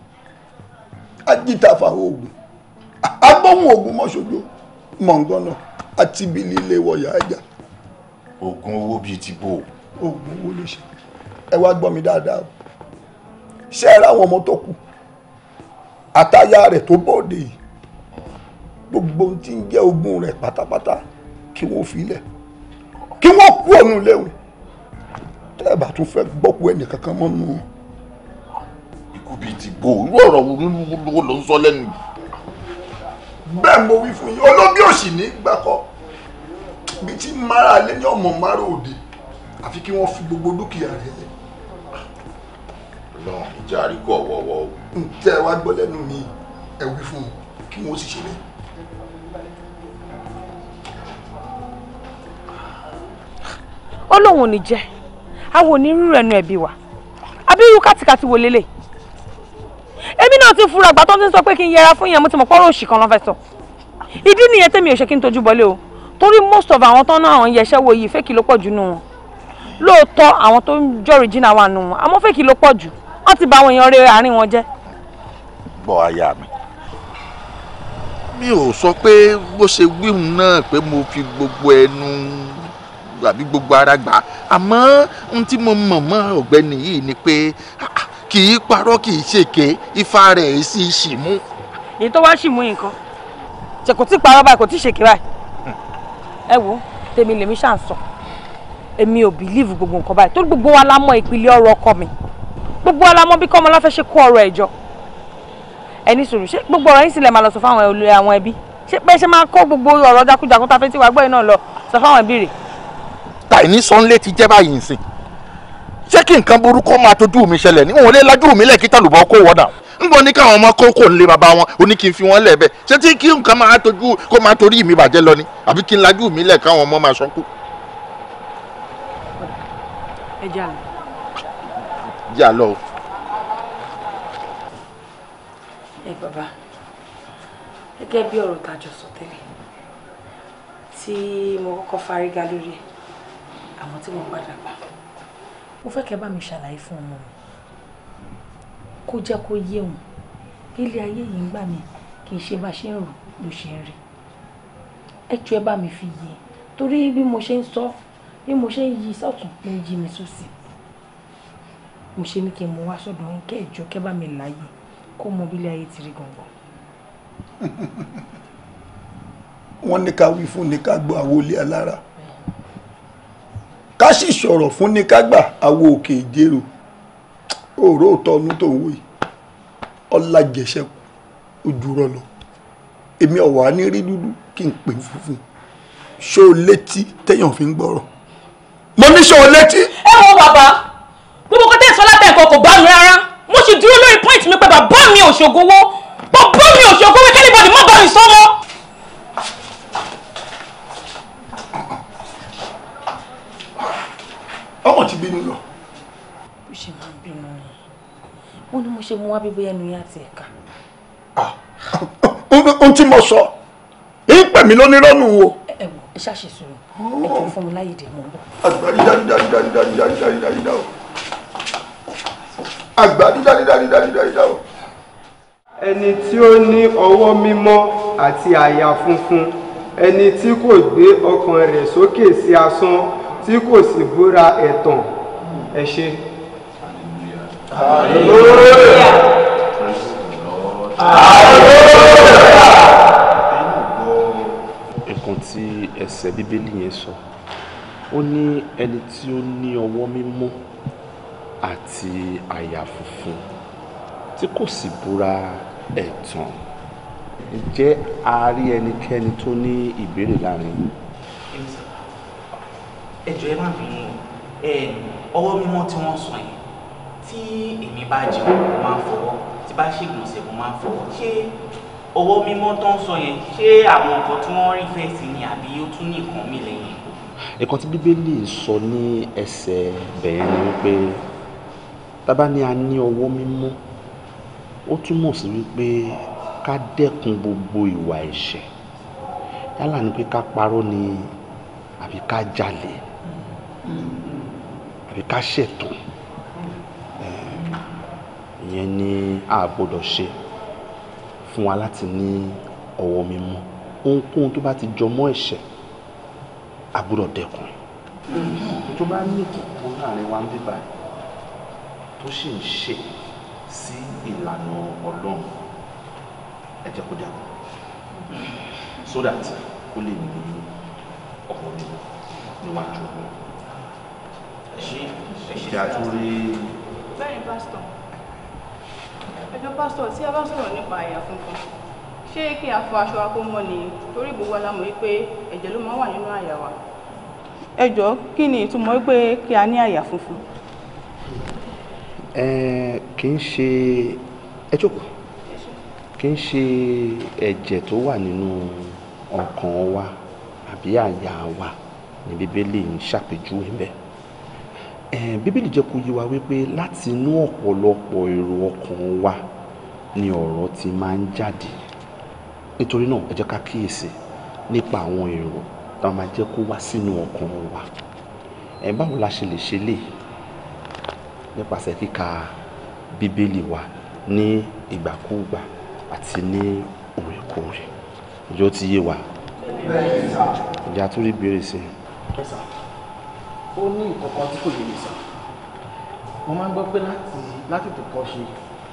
B: ajítafa oògùn agbóhùn oògùn mọ́ṣogbó mọ̀ngànà àti ibi líle wọ̀yà ẹja. oògùn owó bíi ti bò. oògùn owó ló ṣe ẹ wá gbọ́ mi dáadáa ṣe é ráwọn ọmọ tó kù àtayá rẹ̀ tó bọ́ọ̀dẹ̀ yìí gbogbo ohun tí ń jẹ́ ogún rẹ̀ pátápátá kí wọ́n fi lẹ̀ kí wọ́n kú ònú léwu tẹ́ ẹ bá tún fẹ́ gbọ́kú ẹnì kankan mọ́ nù. ikú bíi ti gbó irú ọ̀rọ̀ wo ló ló ń sọ lẹ́nu yìí. bẹ́ẹ̀ mo wí fún yín olóbí òsì ní gbàkọ́ bíi tí mara lé ní ọmọ mara òde àfi kí wọ́n fi gbogbo dúkìá rẹ̀ lẹ̀ náà ìjà àríkò ọ̀wọ̀ọ̀wọ̀ o. ǹjẹ́ wàá gbọ́ lẹ́nu mi ẹ wí fún un kí wọ́n sì ṣe bẹ́ẹ̀.
D: ó lóun ò ní jẹ́ àwọn onírúurú ẹnu ẹ̀bí wa àbí irú kàtìkàtì wò lélẹ̀ èmi náà ti fura àgbà tó ti ń sọ pé kí n yẹra fún yẹn mo ti mọ̀ pọ́rọ̀ òṣì kan ló sọ ìdí nìyẹn tẹ́mi ò ṣe kí n tojú bọlé o torí most of àwọn tán náà àwọn yẹsẹ́ wo yìí fẹ́kì ló pọ̀ jù nù wọn lóòótọ́ àwọn tó ń jọ̀rìn jìnnà wà nù wọn àmọ́ fẹ́kì ló pọ̀ jù wọ́n ti bà àwọn èèyàn rere àárín wọn jẹ́.
B: gbọ́ aya mi mi ò sọ pé bó ṣe wíwùn náà pé mo fi gbogbo ẹnu àbí gbogbo ara gbà àmọ́ n tí mo mọ̀ mọ́ ọ̀gbẹ́ni yìí ni pé kì í parọ́ kì í ṣèké ifá rẹ̀ sì ṣì mú. èyí tó wá ṣì mú nǹkan ṣe kò tí
D: parọ́ báyìí kò tí ṣèké báyìí ẹ wo tèmi lèmi ṣàǹsọ̀ èmi ò bìlíìfù gbogbo nǹkan báyìí tó gbogbo wa la mọ ìpìlẹ̀ ọ̀rọ̀ ọkọ mi gbogbo alamọ bí kọ́mọlá fẹ́ ṣe kó ọ̀rọ̀ ẹ̀ jọ ẹni sòrò ṣé gbogbo ọ̀rọ̀ yín sílẹ̀ máa lọ sọ fáwọn olórí àwọn ẹbí ṣé pé ṣe máa kó gbogbo ọ̀rọ̀ jákújákú tá a fẹ́ tí wàá gbọ́ yìí náà lọ sọ fáwọn ẹbí rẹ̀.
B: tàìní sọ́nlé ti jẹ́ báyìí nsìn ṣé kí nǹkan burúkú máa tójú mi ṣẹlẹ̀ ní òun lé lájú mi lẹ̀ kí tàlùbọ̀ kó wọ́dà ń bọ̀ ní káwọn ọmọ kókó ńlé bàbá wọn ó ní kí n fi wọn lẹ̀ bẹ́ẹ̀ ṣé tí kí nǹkan máa tójú kó máa torí mi bàjẹ́ lọ ni àbí kí n lajú mi lẹ̀ káwọn ọmọ máa ṣọ́kú. ẹ jẹ́ àná yà lọ.
D: Ei, bàbá é que ọ̀rọ̀ tàjọ sọ tẹ́lẹ̀ tí Se kọ́kọ́ fárígá lórí a àmọ́ tí mo padà gbà mo fẹ́ kẹ́ bá mi ṣàlàyé fún ọmọ mi kó jẹ́ kó yé òun ilé ayé yìí que chega mí kì í ṣe bá ṣe ń rò ló ṣe ń rí ẹ jọ̀ọ́ ẹ bá mi fi yé e. torí bí mo ṣe ń mo ṣe ní kí n mú wá sọ́dọ̀ ń kẹ́ ìjọ kẹ́ bá mi láàyè kó mọ bílé ayé ti rí gangan.
B: wọ́n ní ká wí fún ni ká gbọ́ àwo ilé alára ká sì sọ̀rọ̀ fún ni ká gbà àwo òkè ìjérò òró òtọ́nu tó ń wò yìí ọlá jẹ̀ṣẹ̀kù ojú rọ èmi ọ̀wà ní rí dúdú kí n pè funfun ṣó létí téèyàn fi ń gbọ́rọ̀ mo ní ṣó létí. ẹ wo bàbá látẹ̀kọ́ kò bá mi rárá mo sì dúró lórí
D: point mi pé bàbá mi ò ṣògowó bàbá mi ò ṣògowó kẹ́lẹ́bọ̀dì má bá mi sọ́mọ́.
B: ọmọ ti bínú lọ. bí ṣe máa ń bínú ni
D: wọn ni mo ṣe mú wá bíbí ẹnu yẹn àti ẹ̀ka.
B: ohun tí mo sọ ìpè mí ló ní rọ́nù o. ẹ wò iṣẹ́ àṣesùn ẹ̀jọ̀ fún mi láyè dè mọ́. àgbà yíyá yíyá yíyá yíyá yíyá yíyá o àgbàdo dárídárí dárídárí dáwọ. ẹni tí ó ní ọwọ́ mímọ́ àti àyà funfun ẹni tí kò gbé ọkàn rẹ̀ sókè sí asán tí kò sì búra ẹ̀tàn ẹ ṣe. hallelujah hallelujah. nǹkan tí ẹsẹ̀ bíbélì yẹn sọ ó ní ẹni tí ó ní ọwọ́ mímọ́ àti àyà funfun tí kò sì búra ẹ̀tàn ǹjẹ́ a rí ẹnikẹ́ni tó ní ìbéèrè láàrin yìí.
C: ẹ jọ̀ọ́ ẹ má bínú
B: ọwọ́ mímọ́ tí wọ́n sọ yìí tí èmi bá jẹun mo máa ń fọwọ́ tí bá ṣègbọ̀nsẹ̀ mo máa ń fọwọ́ ṣé ọwọ́ mímọ́ tó ń sọ yẹn ṣé àwọn nǹkan
C: tí wọ́n rí fẹ́ sí ni àbí ó tún ní nǹkan mi lẹ́yìn.
B: ẹ̀kan tí bíbélì sọ ní ẹsẹ̀ bẹ̀rẹ̀ ni wípé tábà ní a ní ọwọ́ mímọ́ ó túmọ̀ sí wípé ká dẹ́kun gbogbo ìwà ẹ̀ṣẹ̀ yálà ni pé ká parọ́ ni àbí ká jalè àbí ká ṣẹ̀tàn ìyẹn ni a eh, gbọ́dọ̀ ṣe fún wa láti ní ọwọ́ mímọ́ ohunkóhun tó bá ti jọ mọ́ ẹ̀ṣẹ̀ a gbọ́dọ̀ dẹ́kun tó bá ní ìkọ̀ọ̀kan láàrin wa ń bíbáyìí tó sì ń ṣe sí ìlànà ọlọ́run ẹ jẹ́ kó dàgbà so that kó lè ní ọ̀pọ̀ nínú níwájú ọ̀pọ̀ ìjà tó rí. bẹ́ẹ̀ni pásítọ̀
D: ẹjọ́ pásítọ̀ tí a bá sọ̀rọ̀ nípa àyà funfun ṣé kí a fọ aṣọ akómọ ni torí gbogbo alámọ̀ wípé ẹ̀jẹ̀ ló máa wà nínú àyà wa.
B: ẹ
A: jọ̀ọ́ kí ni ìtumọ̀ wípé kí a ní àyà funfun
B: kì í ṣe ẹ jókòó kì í ṣe ẹ̀jẹ̀ tó wà nínú ọkàn wa àbí àyà wa ní bíbélì ń ṣàpèjúwe bẹ́ẹ̀ bíbélì jẹ́ kó yé wa wípé láti inú ọ̀pọ̀lọpọ̀ èrò ọkàn wa ni ọ̀rọ̀ ti máa ń jáde nítorí náà ẹ jẹ́ ká kíyèsí nípa àwọn èrò tá máa jẹ́ kó wá sínú ọkàn wa ẹ báwo la ṣe lè ṣe léyìí nípasẹ̀ kíka bíbélì wa ní ìgbàkúùgbà àti ní òrèkóòrè ǹjẹ́ ti yé wa. ìyá tó rí ìbéèrè sí i. ó ní ìkọ̀kan tí kò yé mi sọ mo máa ń gbọ́ pé láti láti tó kọ́ ṣe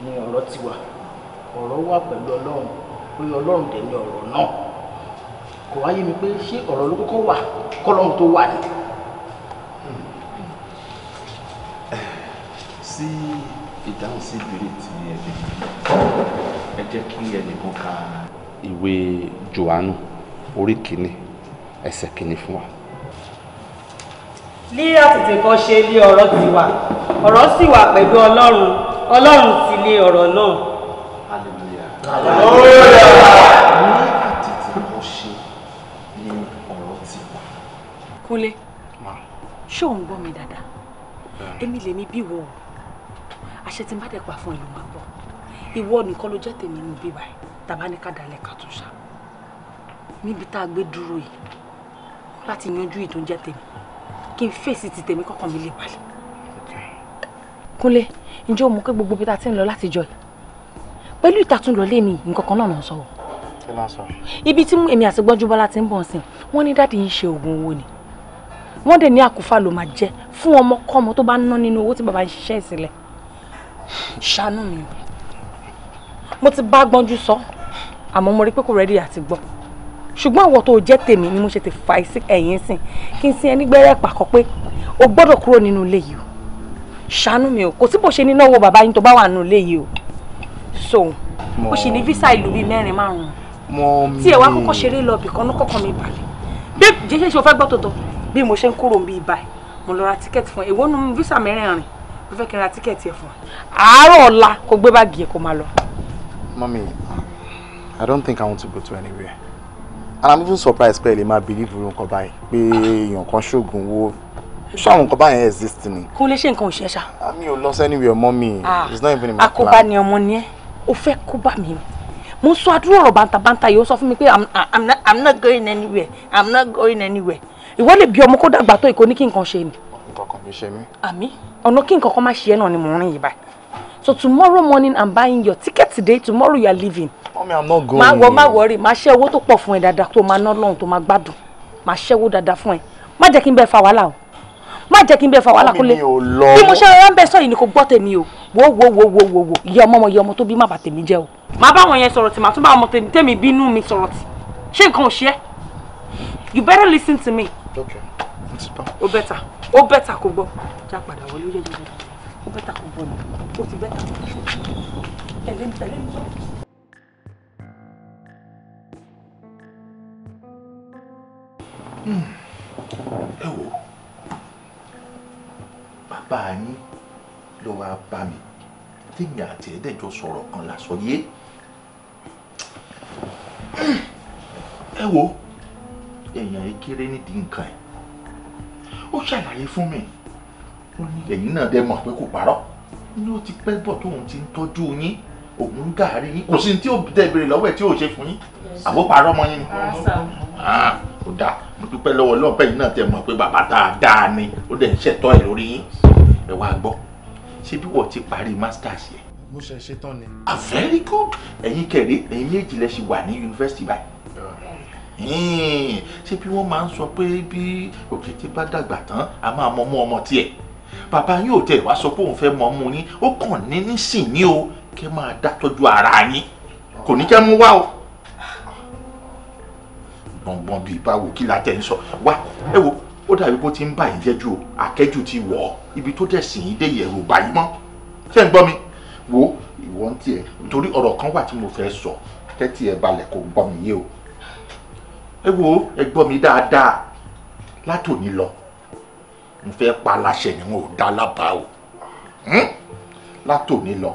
B: ni ọ̀rọ̀ ti wà ọ̀rọ̀ wà pẹ̀lú ọlọ́run pé ọlọ́run dẹ̀ ni ọ̀rọ̀ náà kò wáyé mi pé ṣé ọ̀rọ̀ ló kọ́kọ́ wà kọ́lọ́run tó wà ni. sí ìdáhùn sí ìbéèrè tí ẹ fi ẹ jẹ́ kí ẹnìkan ka ìwé Jòhánù orí kìíní ẹsẹ̀ kìíní fún wa. ní àtètè
A: kan ṣe lé ọ̀rọ̀ ti wà ọ̀rọ̀ sì wà pẹ̀lú Ọlọ́run Ọlọ́run sì lé ọ̀rọ̀ náà.
B: hallelujah. ní àtètè kan ṣe lé ọ̀rọ̀ ti wà.
D: kúnlé ṣé ò ń gbọ́ mi dáadáa èmi lèmi bí wo o àṣẹ tí n bá dẹ̀ pa fún ẹ ló máa bọ̀ ìwọ nìkan ló jẹ́ tèmi nínú bíbá ẹ̀ tàbá ní kàdálẹ̀ ká tún ṣá níbi tá a gbé dúró yìí láti yanjú ìtò jẹ́ tèmi kí n fèsì ti tèmi kọ́kàn mi lè balẹ̀. Kúnlé ǹjẹ́ o mọ̀ pé gbogbo ibi tá a ti ń lọ láti jọ yìí pẹ̀lú ìtàtúndọ̀ lémi nǹkan kan náà náà sọ̀rọ̀. kí ló ń sọ. ibi tí èmi àti Gbọ́njúbọ́lá ti ń bọ̀ sí wọ́n ní dáàdi ń ṣe oògùn owó ni wọ́n dẹ̀ ní àkúfà ló máa jẹ́ fún ọmọ kọ́mọ tó bá ń ná nínú owó tí bàbá ń ṣiṣẹ́ ìsìlẹ̀ ṣàánú mi mo ti bá gbọ́njú sọ àmọ́ mo rí pé kò rẹ́dí àti gbọ́ ṣùgbọ́n àwọn tó jẹ́ tèmi ni mo ṣe ti fà sí ẹ̀yìn sìn kí n sin ẹni gbẹ́rẹ́ pàkọ́ pé o gbọ́dọ̀ kúrò nínú ilé yìí o ṣàánú mi o kò sí bó ṣe ní náwó bàbá yín tó bá wà nínú ilé yìí o so ó sì ní físà ìlú bíi mẹ́rin
B: márùn-ún tí ẹ̀ wá kọ́kọ́
D: ṣeré lọ bìkan ní kọ́kọ́ mi balẹ̀ bí jẹ́ṣẹ́ ṣe o fẹ́ gbọ́ tòótọ́ bí mo ṣe ń kúrò ń bí ibà mo lọ ra tíkẹ́ẹ̀tì fún èwo nu físà mẹ́rin rìn mo fẹ́ kí n ra tíkẹ́ẹ̀tì ẹ̀ fún wa àárọ̀ ọ̀la kó gbé báàgì ẹ̀
B: kó i don't think i want to go to anywhere and i'm even surprised pé ẹ lè believe irun kan báyìí pé èèyàn kan ṣoògùn owó ṣáwọn nǹkan báyẹn exist ni.
D: kò lè ṣe nǹkan ò ṣe ṣá. Ah, mi
B: ò lọ anywhere mommy ah, it's not even in my plan. àkóbá ni
D: ọmọ ni ẹ o fẹ́ kóbá mi mo sọ àdúrà ọ̀rọ̀ bàǹtàbàǹtà yìí ó sọ fún mi pé i'm not i'm not going anywhere i'm not going anywhere ìwọ lè bí ọmọ kó dàgbà tó ìkó ní kí nǹkan ṣe ni. nǹkan kan mi ṣe mí. àmì ọ̀nà kí nǹkan kan má ṣe ni morning ń so tomorrow morning i'm buying your ticket today tomorrow you are leaving.
B: Mommy, i'm not going. Ma wọ ma
D: worry. Ma share owó tó pọ̀ fún ẹ dáadáa tó máa ná lọ́hùn tó máa gbádùn má ṣe owó dáadáa fún ẹ má jẹ́ kí n fa wàhálà o má jẹ́ kí n fa wàhálà kúlẹ̀ bí mo ṣe rárá ń bẹ́ẹ̀ sọ yìí ni kò gbọ́ tèmi o wo wo wo wo wo wo ìyá ọmọ ọmọ ìyá ọmọ tó bí má bà tèmi jẹ́ o. má bá wọn yẹn sọ̀rọ̀ tì má tún bá ọmọ tèmi tèmi bínú mi sọ̀rọ̀ tì ṣé nǹkan ò ṣe you better listen to me. okay. Or better ó bẹ́tà kó gbọ́ já padà wọlé ó yẹ yẹ yẹ ó bẹ́tà kó gbọ́ ni ó ti bẹ́tà kó gbọ́ tẹ̀lé mi lọ.
B: ẹ wo bàbá yín ló wáá bá mi tèmi àti ẹ̀ẹ́dẹ́jọ sọ̀rọ̀ kan lásọ yé hmm. ẹ wo èèyàn ẹ nídìí nǹkan ẹ̀ ó ṣàlàyé fún mi ó ní ẹ̀yin náà dẹ́ pé kò parọ́ ní ó ti pẹ́ bọ̀ tóun ti ń tọ́jú yín òun gàárì yín kò sí ní tí ó dẹ̀bẹ̀rẹ̀ lọ́wọ́ ẹ̀ tí ò ṣe fún yín àbó parọ́ mọ́ yín ni. ó dáa mo dúpẹ́ lọ́wọ́ lọ́pẹ́ yìí náà tẹ mọ̀ pé bàbá dáadáa ni ó dẹ̀ ń ṣètọ́ ẹ̀ lórí yín ẹ wá gbọ́ ṣé bí wọ́n ti parí masters yẹn. mo ṣe ṣetán ni. ah very good ẹ̀yin kẹ̀rẹ́ ẹ̀yin méjì ṣé bí wọ́n máa ń sọ pé bí òkété bá dàgbà tán a máa mọ ọmọ tiẹ̀ bàbá yóò tẹ̀ wá sọ pé òun fẹ́ mọ mú ó kàn ní nísìnyí o kẹ́ máa dá tọ́jú ara yín kò ní jẹ́ mú wá o gbọ̀ngbọ̀n bíi báwo kí la tẹ̀ ń sọ wá ẹ wo ó dàbí bó ti ń bá yín jẹ́jú o àkẹ́jù ti wọ̀ ọ́ ibi tó dẹ̀ sìn yín dé yẹ̀rù báyìí mọ́ ṣé ń gbọ́ mi wo ìwọ ń tiẹ̀ torí ọ̀rọ̀ kan wà tí mo fẹ́ sọ tẹ́tí ẹ balẹ̀ kò gbọ́ mi yé o ẹ wo ẹ gbọ́ mi dáadáa látòní lọ mo fẹ́ pa aláṣẹ ni wọn ò dá lábàá o hmm? látòní lọ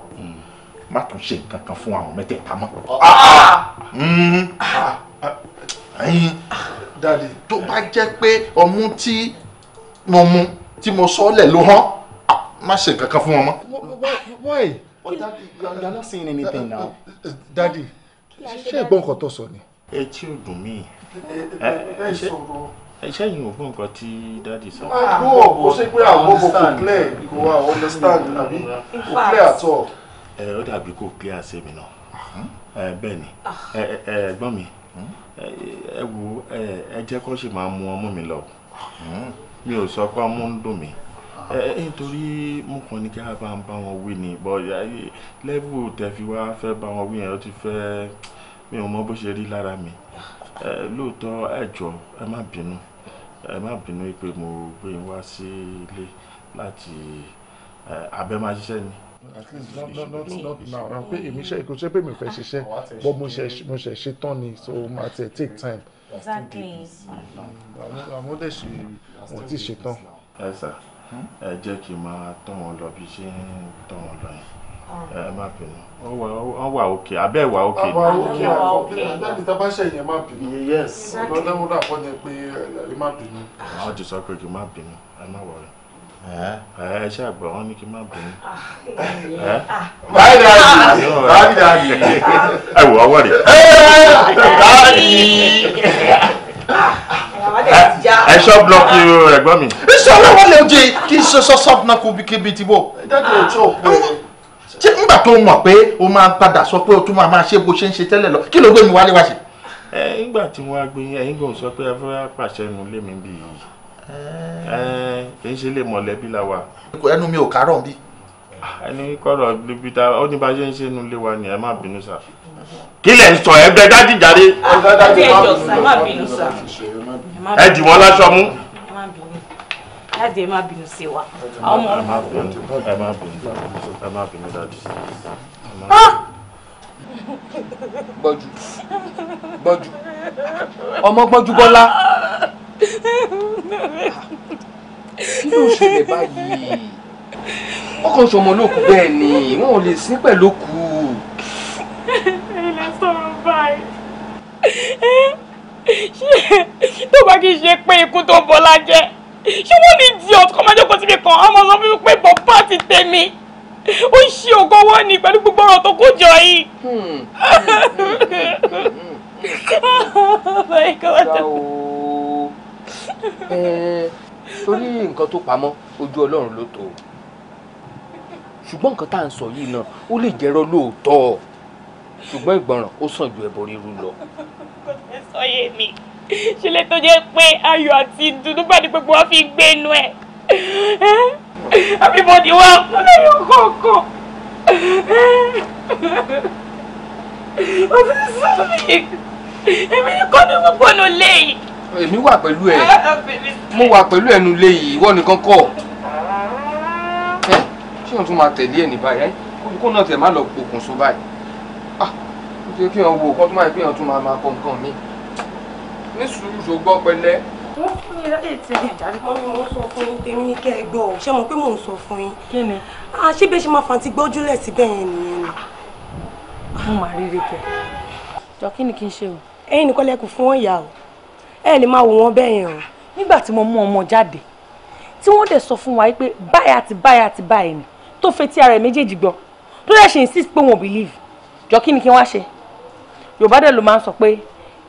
B: má tún ṣe nǹkan kan fún àwọn mẹ́tẹ̀ẹ̀ta mọ́. Hmm? dadi tó bá jẹ́ pé ọmú tí mo mu tí mo sọ́ọ́lẹ̀ ló hán má ṣe nǹkan kan fún wọn mọ́. why dadi you are not saying anything uh, uh, now. dadi ṣé ẹ̀gbọ́n kan tó sọ ni. ẹ tí ò dùn mí ẹṣẹ́ yìí ò fún nǹkan tí dáàdì sọ. àbú ọ̀pọ̀ ṣé pé àwọn ọmọ kò clear mm. kò wá understand àbí kò clear at all. ẹ ó dàbí kò clear sí mi náà hmm? bẹ́ẹ̀ ni ah. ẹ̀gbọ́n mi hmm? ẹ wo ẹ jẹ́ kó ṣe máa mú ọmú mi lọ hmm? mi ò sọ pé ọmú ń dùn mí nítorí mo kàn ní kí a bá ń bá wọn wí ni bọ́ọ̀yà lẹ́bù tẹ̀fí wá fẹ́ bá wọn wí yẹn ó ti fẹ́ mi ò mọ bó ṣe rí lára mi lóòótọ́ ẹ jọ̀ọ́ ẹ má bínú ẹ má bínú pé mo gbé yín wá sí ilé láti abẹ́májíṣẹ́ ni. at least not not not not now na pé èmi ṣe kò ṣe pé mi fẹ́ ṣiṣẹ́ ah, but mo ṣe mo ṣe ṣe tán ni so ma ti take time. exactly. àwọn ọdẹ ṣe wọn ti ṣe tán. ẹ sà ẹ jẹ́ kí n máa tán wọn lọ bí ṣe ń tán wọn lọ yẹn ẹ má bínú wọ́n wà òkè abẹ́ wà òkè ni. àwọn òkè àwọn òkè lẹ́yìn tí a bá ṣe ìyẹn yes. ọ̀dọ́ lẹ́wọ́n dà fọ́ ni pé ẹ má bínú. àwọn ti sọ pé kí n má bínú ẹ má wọlé ẹ ṣe àgbà wọn ní kí n má bínú. Ah. Ah. báyìí dáàdì ah. báyìí dáàdì. ẹ wò ọwọ́ rẹ̀. dáàdì. ẹ ṣọ́ blọọkì ẹ̀gbọ́n mi. iṣẹ́ ọlọ́wọ́ lè jẹ́ kí n ṣe sọ́ọ́sọ́ náà kó bí kébi tìbọ̀. dáàdì ò tí ò pé ṣé nígbà tó mọ̀ pé o máa padà sọ pé o tún máa máa ṣe bó ṣe ń ṣe tẹ́lẹ̀ lọ kí ló gbé mi wálé wá ṣe. ẹ nígbà tí wọn á gbé ẹ̀yin kò sọ pé afẹ́rẹ́ pàṣẹ nu lé mi bì í ẹ kì í ṣe lè mọ̀lẹ́bí la wa. ẹnu mi ò kárọ̀ bí. Ah, ẹni kọ́rọ̀ bíbí ta ó ní bá ṣe ń ṣe nu lé wa ni ẹ má bínú sà. kí lẹ̀ sọ ẹgbẹ́ dájú jáde. ẹ má bínú sà. ẹ jì wọ́n láṣọ mú
A: láti ẹ má bínú sí wa.
B: ẹ má bínú ẹ má bínú ẹ má bínú dájú. gbọ́jú gbọ́jú
D: ọmọ
C: gbọ́jú bọ́lá
B: kí ló ṣẹlẹ̀ báyìí wọ́n kàn sọmọ lókù bẹ́ẹ̀ ni wọ́n ò lè sín pẹ̀lú kù.
A: ilé sọ̀rọ̀ báyìí tó bá kí n ṣe pé ikú tó bọ́lá jẹ́ ṣé wọ́n ní di ọ̀tún kọ́mọdé kò síbi kan ọmọ sọ fún mi pé bọ̀bá ti tẹ̀ mí ó ń ṣe ògo wọ́n ni pẹ̀lú gbogbo ọ̀rọ̀ tó kó jọ yìí. Hmm.
B: Oh eh, torí nǹkan tó pamọ́ ojú Ọlọ́run ló tó ṣùgbọ́n nǹkan tá à ń sọ yìí náà ó lè jẹ́rọ lóòótọ́ ṣùgbọ́n ìgbọràn ó sàn ju ẹbọ rírú lọ.
A: kò tẹ́ sọ yé mi ṣẹlẹ̀ tó jẹ́ pé ayọ̀ àti ìdùnnú bá ní gbogbo wọn fi gbé inú ẹ̀ everybody wá fún o kọ̀ọ̀kan ó ti sọ mí èmi nìkan ní gbogbo ọ̀nà
B: léyìí. èmi wà pẹ̀lú ẹ ah, ah, mo wà pẹ̀lú ẹnu léyìí ìwọ nìkan kọ́ ṣé òun tún máa tẹ̀lé ẹ̀ ní báyìí kó náà tẹ̀ má lọ pokùnso báyìí ah ó ti kí wọn wo kó tó máa pé wọn tún máa máa kọ nǹkan míì ní sùúrù ṣògbọ́ pẹ̀lẹ́.
D: wọ́n fún mi láyè tí ẹ̀ jáde. mo ní mo sọ fún yín tèmi ní kẹ́ ẹ gbọ́ ọ ṣé mo pé mò ń sọ fún yín. kí ni. a ṣé bẹ́ẹ̀ ṣe máa fàǹtí gbọ́júlẹ̀ síbẹ̀ yẹn nìyẹn mo máa rírí kẹ. jọ kí ni kí n ṣe o. ẹ̀yin nìkan lẹkùn fún wọn ìyá o ẹ lè máa wò wọn bẹ́ẹ̀ yẹn o. nígbà tí mo mú ọmọ jáde tí wọ́n dẹ̀ sọ fún wa pé báyà ti báyà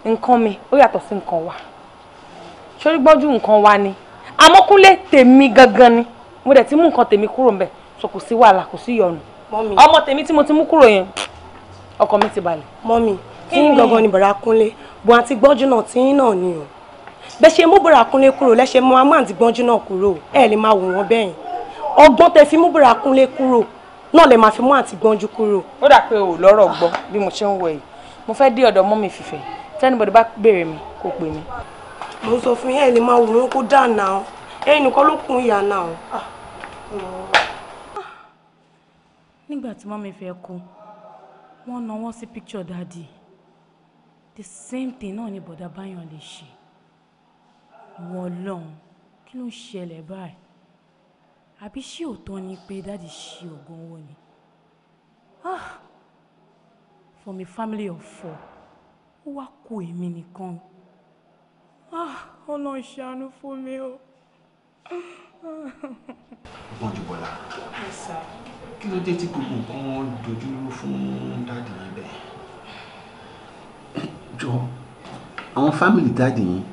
D: nǹkan mi ó yàtọ̀ sí nǹkan wa sórí gbọ́njú nǹkan wa ni àmọ́kúnlé tèmi gangan ni mo dẹ̀ ti mú nǹkan tèmi kúrò ńbẹ̀ so kò sí wàhálà kò sí yọnu ọmọ tèmi tí mo ti mú kúrò yẹn ọkàn mi ti balẹ̀. mọ́mì tí ń gangan ni bàrà kúnlé bó àti gbọ́njú náà tí ń náà ni o bẹ́ẹ̀ ṣe mú bàrà kúnlé kúrò lẹ́ṣẹ̀ mọ́ àmọ́ àti gbọ́njú náà kúrò ẹ̀ lè máa wò wọ́n bẹ́yìn ọgbọ́n tẹ fi mú bàrà kúnlé kúrò náà lè máa fi mú àti gbọ́njú kúrò. ó dà pé o lọ́rọ̀ gbọ́ bí mo ṣe ń wọ yìí mo fẹ́ dé ọ̀dọ̀ mọ́mì fìfẹ́ tẹ́nibọ̀dì bá béèrè mi kò pè mí. mo sọ fún yín ẹ lè máa wòrán kó dà náà ẹ̀yin nìkan ló kún ìyá náà. Ah, nígbà tí mọ́mí fẹ́ kú wọ́n náwó sí picture dáàdì the same thing náà ni bọ̀dá báyọ̀ lè ṣe ìwọ ọlọ́run kí ló ń ṣẹlẹ̀ báyìí àbí ṣé òótọ́ ni pé dáàdì ṣe oògùn owó ni ah for my family of four ó wá kó èmi nìkan
A: ah, ọ̀nà ìṣàánú fún mi o.
B: Mọ̀júbọ́lá kí ló dé tí gbogbo nǹkan dojúrú fún dáàdì yín bẹ́ẹ̀? jọ àwọn fámìlì dáàdì yín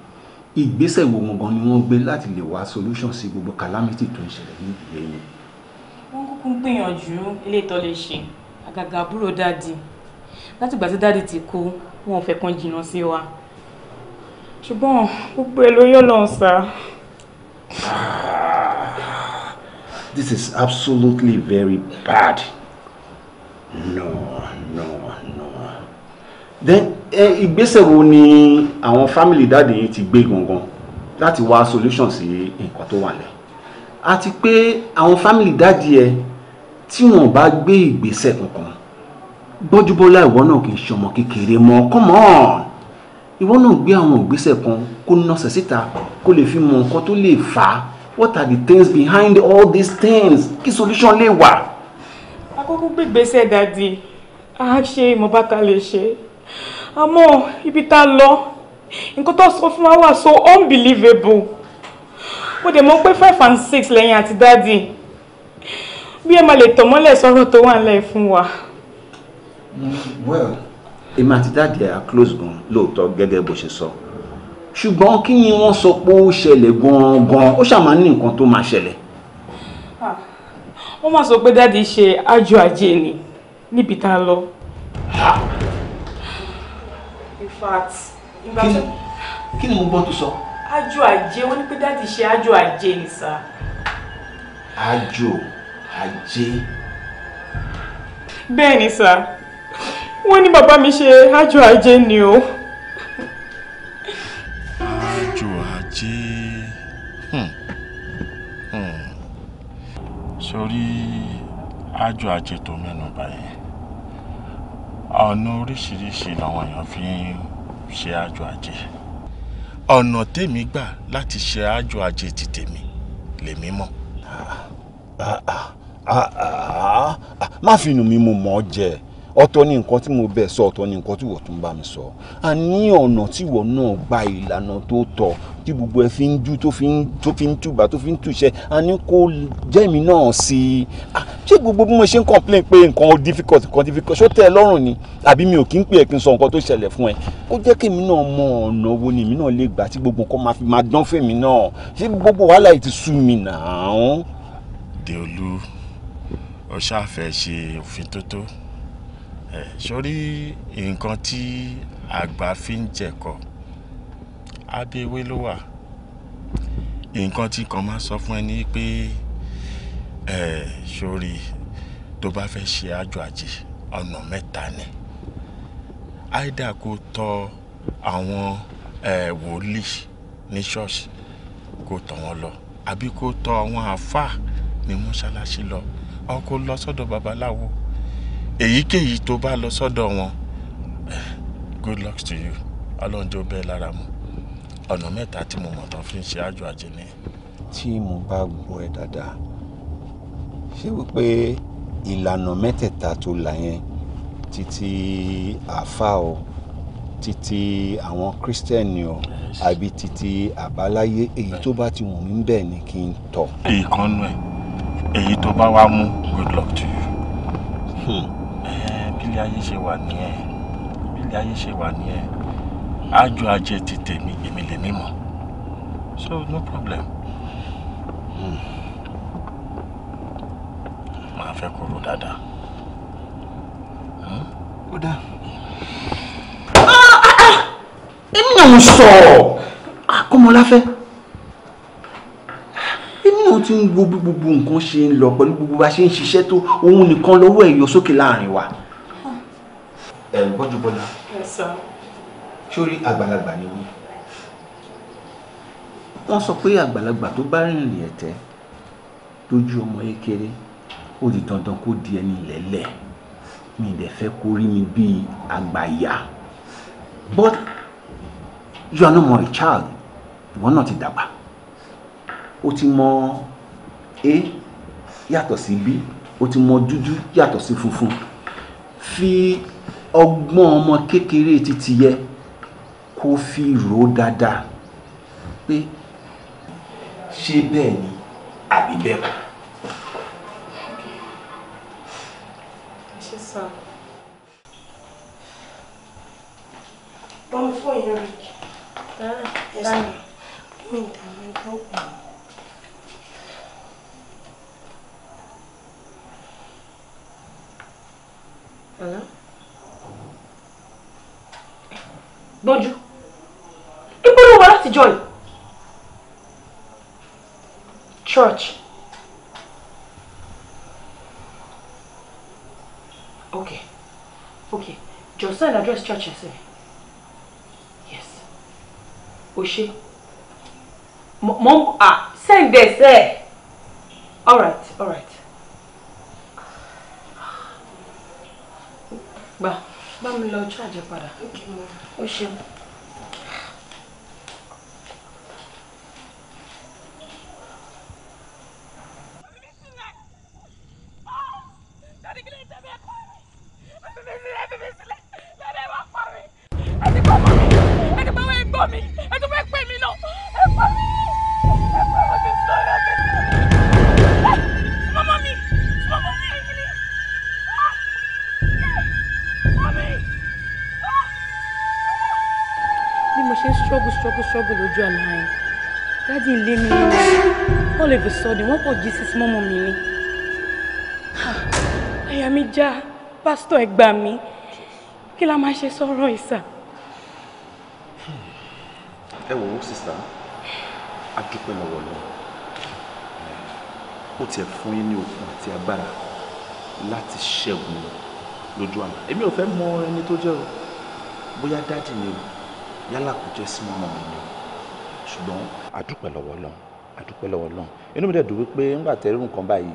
B: ìgbésẹ̀ wo gangan ni wọ́n gbé láti lè wá solution sí gbogbo calamity tó ń ṣẹlẹ̀ ní ìdílé yín.
A: wọ́n kúkú ń gbìyànjú ilé ìtọ́ lè ṣe àgàgà àbúrò dáàdì látìgbà tí dáàdì ti kú wọn ò fẹ́ kan jìnnà sí wa ṣùgbọ́n gbogbo ẹ̀ ló yọ̀ lọ́hùn sá.
B: This is absolutely very bad. No, no, no. Then eh, ìgbésẹ̀ wo ni àwọn fámìlì dáàdì yìí ti gbé gangan láti wá solution sí nǹkan tó wà lẹ̀? Àti pé àwọn fámìlì dáàdì ẹ tí wọ́n bá gbé ìgbésẹ̀ kankan bọ́júbọ́lá ìwọ náà kì í ṣọmọ kékeré mọ́ come on ìwọ náà gbé àwọn ìgbésẹ̀ kan kó nọ́ọ̀sẹ̀ síta kó lè fi mọ nǹkan tó lè fà á what are the things behind all these things kí solution lè wà.
A: àkókò gbégbèsè dàdí a ṣe ìmọ̀ba ta lè ṣe àmọ́ ibi tá a lọ nǹkan tó sọ fún wa wà so unbelievable mo dẹ̀ mọ̀ pé five and six lẹ́yìn àti dádì bí ẹ máa lè tọ̀ mọ́lẹ̀ sọ̀rọ̀ tó wà ńlẹ̀ fún wa
B: well èmi àti dáàdì ẹ̀ close gan lóòótọ́ gẹ́gẹ́ bó ṣe so. ṣùgbọ́n kí ni wọ́n sọ pé ó ṣẹlẹ̀ gan-an ó ṣàmà ní nǹkan tó máa ṣẹlẹ̀.
A: Ah, wọ́n máa sọ pé dáàdì ṣe àjò àjè ni níbi tá a lọ. Ah! in fact Kini tó. kí
B: ni mo gbọ́ tó sọ.
A: àjò àjè wọ́n ní pé dáàdì ṣe àjò àjè ni sá.
B: àjò àjè.
A: bẹ́ẹ̀ ni wọ́n ní bàbá mi ṣe àjò ajé ni o.
B: àjò ajé hmm. Hmm. sórí àjò ajé tó mẹ́nu báyìí ọ̀nà oríṣiríṣi làwọn èèyàn fi ń ṣe àjò ajé ọ̀nà tèmi gbà láti ṣe àjò ajé ti tèmi lèmi mọ̀. Ah, ah, ah, má fi inú mi mú mọ́ jẹ́ ẹ̀ ọ̀tọ̀ ni nǹkan tí mo bẹ̀ sọ ọ̀tọ̀ ni nǹkan tí wọ́n tún bá mi sọ a ní ọ̀nà tí wọ́n náà gba ìlànà to tọ́ tí gbogbo ẹ fi ń jú tó fi ń túbà tó fi ń túṣẹ a ní kó jẹ́mi náà sí i ṣé gbogbo bí mo ṣe ń complain pé nǹkan difficult nǹkan difficult ṣó tẹ́ ẹ ni àbí mi ò kí ń pè é kí n sọ nǹkan tó ṣẹlẹ̀ fún ẹ ó jẹ́ kí èmi náà mọ ọ̀nà wo ni èmi náà lè gbà tí gbogbo nǹkan máa fi máa dán fèmi náà ṣé gbogbo wàhálà yìí ti sú mi nàá. Deolu ọṣà fẹ́ ṣe òfin tó tó sórí nǹkan tí àgbà fi ń jẹ̀kọ abẹ́ ewé ló wà nǹkan tí kan máa sọ fún ẹ ní pé sórí tó bá fẹ́ ṣe àjò àjì ọ̀nà mẹ́ta ni áìdá kó tọ àwọn wòlíì ní ṣọ́ọ̀ṣì kó tọ̀ wọ́n lọ àbí kó tọ àwọn àáfàá ní mọ́ṣáláṣí lọ ọkọ̀ lọ sọ́dọ̀ babaláwo. So èyíkéyìí tó bá lọ sọ́dọ̀ wọn good luck to you ọlọ́njọ́ bẹ́ẹ̀ lára mu ọ̀nà mẹ́ta tí mo mọ̀ tán fi ń ṣe àjò àjẹ́ ni. tí mo bá gbọ́ ẹ dáadáa ṣé wípé ìlànà mẹ́tẹ̀ẹ̀ta tó là yẹn títí àáfàá o títí àwọn kírísítẹ́nì o àbí títí àbáláyé èyí tó bá ti wù mí bẹ́ẹ̀ ni kí n tọ̀. èyí kan nù ẹ èyí tó bá wá mú good luck to you. Hmm ilé ayé ṣe wà nìyẹn bí ayé ṣe wà nìyẹn àjọ ajé ti tèmi èmi lè mímọ so no problem hmm. máa fẹ́ kó dáadáa. Hmm? ó dáa. èmi náà ń sọ ah, ọmọláfẹ́ èmi náà ti ń wo gbogbo nǹkan ṣe ń lọ pẹ̀lú gbogbo bá ṣe ń ṣiṣẹ́ tó òun nìkan lọ́wọ́ ẹ̀ sókè láàrin wa ẹ bọ́jú bọ́lá sórí àgbàlagbà ni wí. wọ́n sọ pé àgbàlagbà tó bá rìnrìn ẹ̀tẹ́ lójú ọmọ yẹn kéré ó di dandan kó di ẹni lẹ́lẹ̀ mi dẹ̀ fẹ́ kó rí mi bíi àgbàyà but you are no more a child ìwọ náà ti dàgbà ó ti mọ a yàtọ̀ sí b ó ti mọ dúdú yàtọ̀ sí funfun fi ọgbọ́n ọmọ kékeré títí yẹ kó fi rò ó dáadáa pé ṣé bẹ́ẹ̀ ni àbí bẹ́ẹ̀ kọ́. Ah,
D: Hello? gbọ́njú ibo ló wà láti jọ yìí church ok ok jọ send address church ẹ̀ sí yes o ṣe mo mo ah send ẹ sẹ alright alright. lọ ṣáàjẹ padà. ó ṣeun. lójú àlá yẹn dáàdì ń lé mi lọ all of a sudden wọ́n pọ̀ jí sísí mọ́mọ́ mi ni àyà mi já pásítọ̀ ẹ gbà mí
A: kí la máa ṣe sọ̀rọ̀ ìsà.
B: ẹ wò ó sísá a dúpẹ́ lọ́wọ́ lọ ó tiẹ̀ fún yín ní okun àti agbára láti ṣẹ́gun lójú àná èmi ò fẹ́ mọ ẹni tó jẹ́ o bóyá dáàdì ni o yálà kò jẹ́ sí mi ni o ṣùgbọ́n àdúpẹ́ lọ́wọ́ Ọlọ́run àdúpẹ́ lọ́wọ́ Ọlọ́run inú mi dẹ̀ dùn wípé ńgbà tẹ́ irú nǹkan báyìí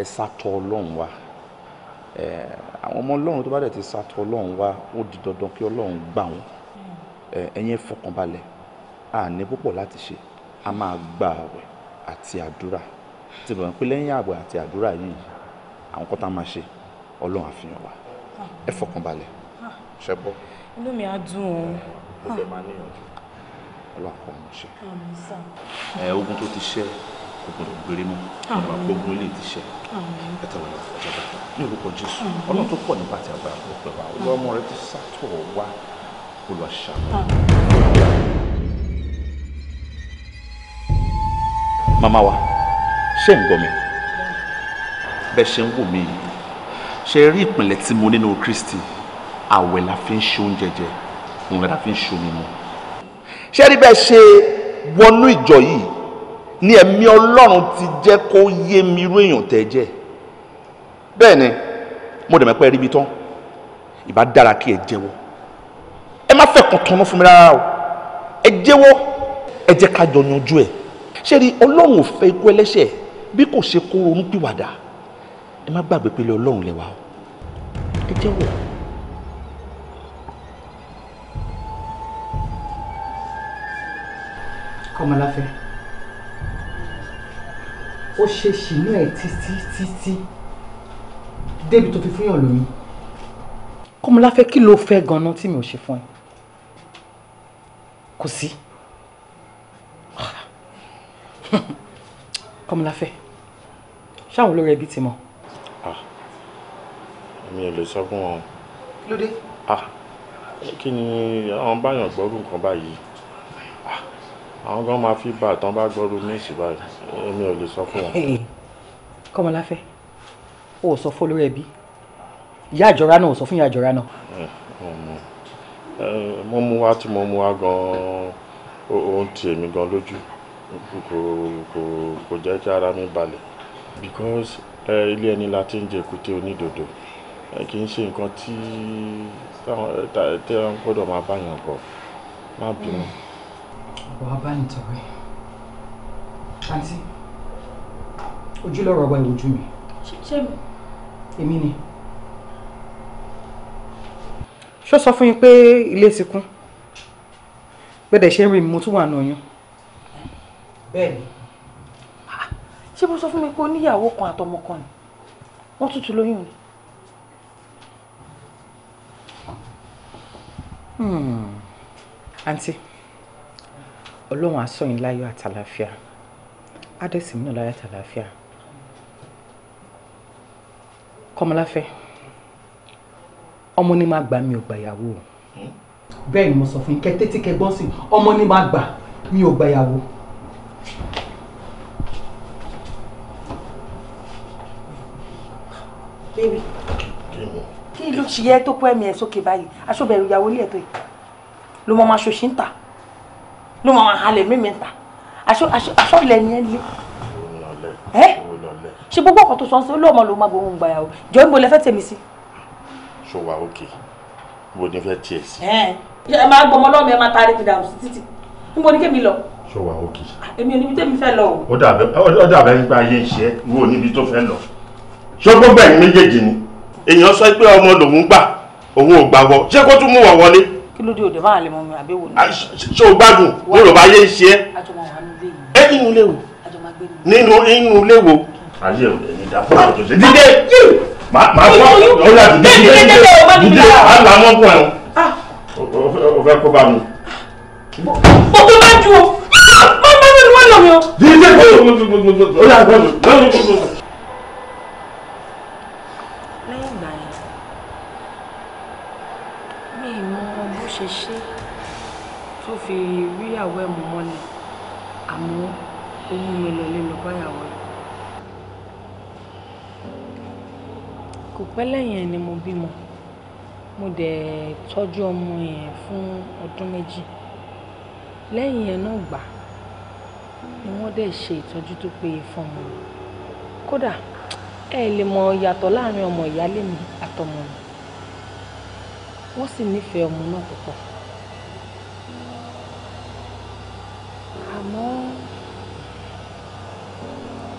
B: ẹ sátọ Ọlọ́run wa ẹ àwọn ọmọ Ọlọ́run tó bá dẹ̀ ti sátọ Ọlọ́run wa ó di dandan kí Ọlọ́run gbà wọ́n ẹ ẹ̀yin ẹ fọkànbalẹ̀ àní púpọ̀ láti ṣe a máa gba àwẹ̀ àti àdúrà ti bọ̀ pé lẹ́yìn àwẹ̀ àti àdúrà yìí àwọn kan a máa ṣe Ọlọ́run àfihàn wa ẹ fọkànbalẹ̀ ṣẹ́gbọ́.
D: inú mi á dùn ún. ó fẹ́ máa níyànjú
B: ọlọ́pàá ọmọ ṣe ẹ ogun tó ti ṣe kò gbọdọ̀ gbére mọ́ ọ̀nà àpò ogun ilé ti ṣe ẹ tẹ̀wọ̀n lọ ìjọba ní orúkọ jésù ọlọ́run tó pọ̀ nípa àti agbára kò pẹ̀ wá ọlọ́mọ rẹ ti sátọ̀ wá olùwàṣàmù. màmá wa ṣé ń gbọ́ mi bẹ́ẹ̀ ṣe ń wò mí ṣe rí ìpìlẹ̀ tí mo nínú kristi àwẹ̀ la fi ń ṣe oúnjẹ jẹ òun la fi ń ṣe omi mu ṣé rí bẹ́ẹ̀ ṣe wọnú ìjọ yìí ni ẹ̀mí ọlọ́run ti jẹ́ kó yé mi irú èèyàn tẹ́ jẹ́ bẹ́ẹ̀ ni mo dẹ̀ mẹ́pẹ́ rí ibi tán ìbá dára kí ẹ jẹ́wọ́ ẹ má fẹ́ kàn tọ́nú fún mi rárá o ẹ jẹ́wọ́ ẹ jẹ́ ká jọ yanjú ẹ̀ ṣé rí ọlọ́run ò fẹ́ ikú ẹlẹ́ṣẹ̀ bí kò ṣe kó ronú pìwàdà ẹ má gbàgbé pé ilé ọlọ́run lẹ wà o ẹ jẹ́wọ́.
C: Kọ́mọláfẹ́ ó ṣe ṣìnú ẹ̀ títí títí débi tó fi fún yàn lóyún Kọ́mọláfẹ́ kí ló fẹ́ ganan tí mi ò ṣe fún ẹ kò sí Kọ́mọláfẹ́ ṣáwọn olórí ẹbí ti mọ̀.
B: mi ò lè sọ fún wọn. kí ló dé. kí ni àwọn báyọ̀ gbọ́rù nǹkan báyìí àwọn gan máa fi bá àtàn bá gbọ́rú míìsì báyìí èmi ò lè sọ fún wọn.
C: kọ́mọláfẹ́ o ò sọ fún olórí ẹbí ìyá àjọra náà ò sọ fún ìyá àjọra náà.
B: mo mú wá tí mo mú wá gan-an ti èmi gan lójú kò jẹ́ kí ara mi balẹ̀ because ilé ẹni la ti ń jẹ èkúté onídòdó kì í ṣe nǹkan tí táwọn gbọ́dọ̀ máa bá yàn bọ̀ má bínú. Mm
C: wàá bá nìtọ̀rẹ́ àǹtí ojúlọ́rọ̀ ọba ìwojú mi. ṣé mi. èmi ni. ṣó sọ fún yín pé ilé ti kún gbẹdẹ ṣe ń rí mi mo tún wà nù oyún. bẹ́ẹ̀ni.
D: ṣé mo sọ fún mi pé oníyàwó kan àtọmọ kan ni wọ́n tún lóyún ni.
C: Hmm. àǹtí. Hmm. Auntie ọlọ́run á sọ yín láyọ̀ àtàlàfíà ádẹ́sì mi náà láyọ̀ àtàlàfíà kọ́mọláfẹ́ ọmọ ní máa gbà mi ò gbà o. bẹ́ẹ̀ ni mo sọ fún yín kẹ́tẹ́tí kẹgbọ́n sí ọmọ ní máa gbà
B: mi ò gbà yàwó.
D: bébì kí ló ṣiyẹ́ tó kó ẹ̀mí ẹ̀ sókè báyìí aṣọ́bẹ̀rù ìyàwó ilé ẹ̀ tó yìí ló mọ ọmọ aṣòṣì ń tà ló máa halẹ̀ mímí ta aṣọ́lẹ̀ ni ẹ lé ẹ́ ṣe gbogbo ọkọ̀ tó sọ sí olóòmọ ló máa gbóhùn gbàyàwó jọ ń bo lẹ́fẹ́ tèmi sí.
B: ṣó wa òkè wo ni fẹ́ tiẹ̀ sí.
D: ẹ máa gbọmọ lọ́mọ ẹ máa taari kìdà sí títì níbo ni kémi lọ. ṣó wa òkè. èmi ò níbi tẹ́mi fẹ́ o
B: ó dàbẹ́ ó dàbẹ́ ń gba iye ìṣe wo níbi tó fẹ́ lọ. ṣó gbogbo ẹ̀yin méjèèjì ni èèyàn sọ pé ọmọ lòún gbà òun ò gbà wọ ṣé kó tún mú wọ
D: kí ló dé òde máa lè mọ mi àbí wò ni.
B: ṣé o gbádùn ní yorùbá yé ń ṣe é. ẹ nínú ilé wo nínú nínú ilé wo. ayé ò lè dàpọ̀ àjọ ṣe dídé màá fọ ọ̀la dídé dídé dídé dídé là mọ́ fún ẹ ah! o fẹ́ kó bá mi. o tó bá ju o ah! má má mi wọ́n lọ mi o. dídé kó o.
D: fi ríyàwó ẹ̀ mú mọ́lẹ̀ àmọ́ ó mú mi lọlé lọ báyàwó ẹ̀. kò pẹ́ lẹ́yìn ẹ̀ ni mo bímọ mo dẹ̀ tọ́jú ọmọ yẹn fún ọdún méjì lẹ́yìn ẹ̀ náà gbà ni wọ́n dẹ̀ ṣe ìtọ́jú tó péye fún ọmọ mi kódà ẹ lè mọ ìyàtọ̀ láàrin ọmọ ìyálé mi àtọmọ mi wọ́n sì nífẹ̀ẹ́ ọmọ náà púpọ̀. àmọ́